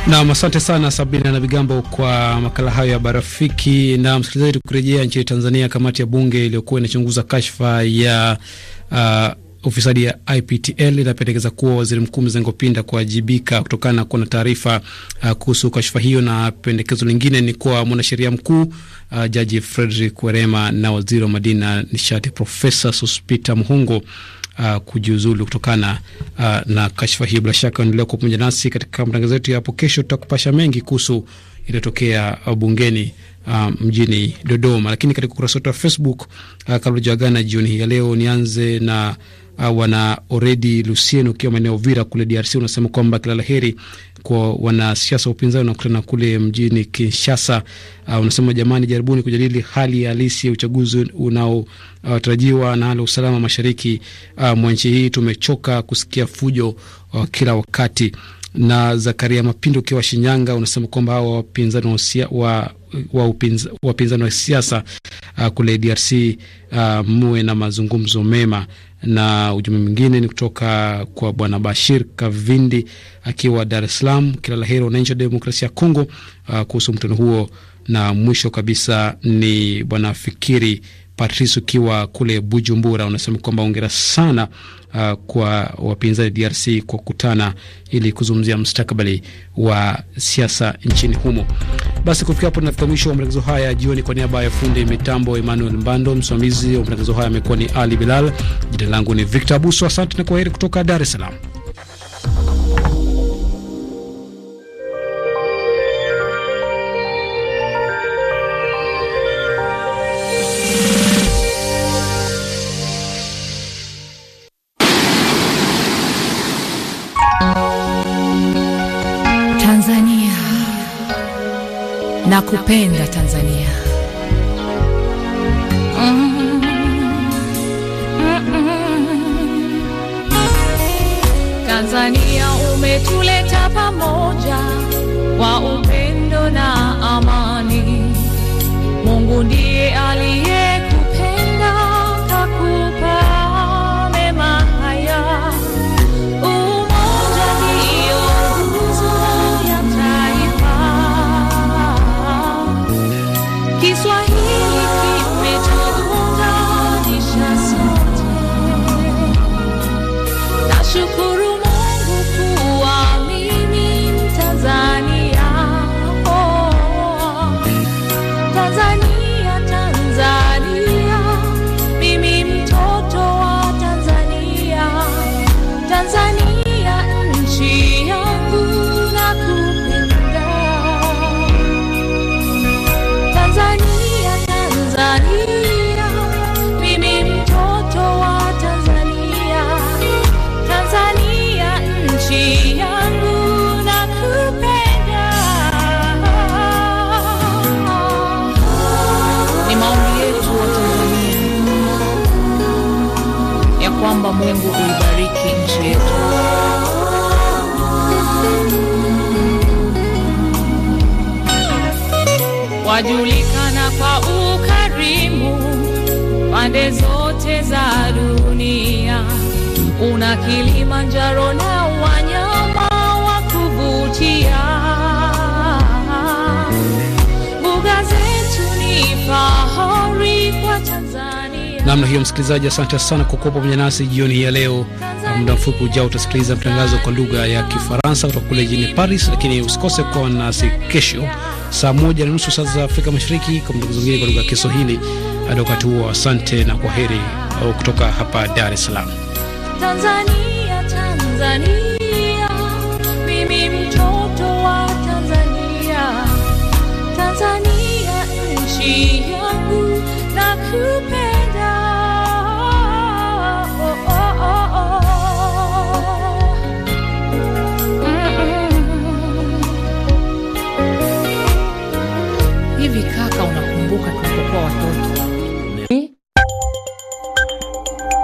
Naam, asante sana Sabina na Vigambo kwa makala hayo ya barafiki. Na msikilizaji, tukurejea nchini Tanzania, kamati ya bunge iliyokuwa inachunguza kashfa ya uh, ufisadi ya IPTL inapendekeza kuwa waziri mkuu Mzengo Pinda kuwajibika kutokana na kuwa na taarifa uh, kuhusu kashfa hiyo, na pendekezo lingine ni kuwa mwanasheria mkuu uh, Jaji Frederick Werema na waziri wa madini na nishati Profesa Sospeter Muhongo uh, kujiuzulu kutokana uh, na kashfa hiyo. Bila shaka endelea kuwa pamoja nasi katika matangazo yetu ya hapo kesho, tutakupasha mengi kuhusu iliyotokea bungeni uh, mjini Dodoma. Lakini katika ukurasa wetu wa Facebook uh, kabla jagana jioni hii ya leo, nianze na uh, wana oredi Lucien ukiwa maeneo vira kule DRC, unasema kwamba kila laheri kwa wanasiasa wa upinzani wanakutana kule mjini Kinshasa. Uh, ah, unasema jamani, jaribuni kujadili hali halisi ya uchaguzi unaotarajiwa uh, na hali usalama mashariki uh, mwa nchi hii. Tumechoka kusikia fujo uh, kila wakati. Na Zakaria Mapindo ukiwa Shinyanga unasema kwamba hawa wapinzani wa wapinzani wa siasa uh, kule DRC uh, muwe na mazungumzo mema na ujumbe mwingine ni kutoka kwa Bwana Bashir Kavindi akiwa Dar es Salaam. Kila la heri wananchi wa demokrasia ya Kongo uh, kuhusu mkutano huo. Na mwisho kabisa ni Bwana Fikiri Patrice ukiwa kule Bujumbura, unasema kwamba ongera sana uh, kwa wapinzani DRC kwa kukutana ili kuzungumzia mustakabali wa siasa nchini humo. Basi kufikia hapo tunafika mwisho wa matangazo haya jioni. Kwa niaba ya fundi mitambo Emmanuel Mbando, msimamizi wa matangazo haya amekuwa ni Ali Bilal, jina langu ni Victor Abuso. Asante na kwaheri kutoka Dar es Salaam. na kupenda Tanzania. Tanzania umetuleta pamoja kwa upendo na amani. Mungu ndiye aliye wa Mungu uibariki nchi yetu. Wajulikana kwa ukarimu pande zote za dunia, una Kilimanjaro na wanyama wa kuvutia. Mbuga zetu ni fahari namna hiyo. Msikilizaji, asante sana kwa kuwa pamoja nasi jioni ya leo. Muda mfupi ujao utasikiliza mtangazo kwa lugha ya Kifaransa kutoka kule jijini Paris, lakini usikose kuwa nasi kesho saa moja na nusu saa za Afrika Mashariki kwa mtangazo mwingine kwa lugha ya Kiswahili. Hadi wakati huo, asante na kwa heri kutoka hapa Dar es Salaam, Tanzania, Tanzania. Tanzania nchi yangu na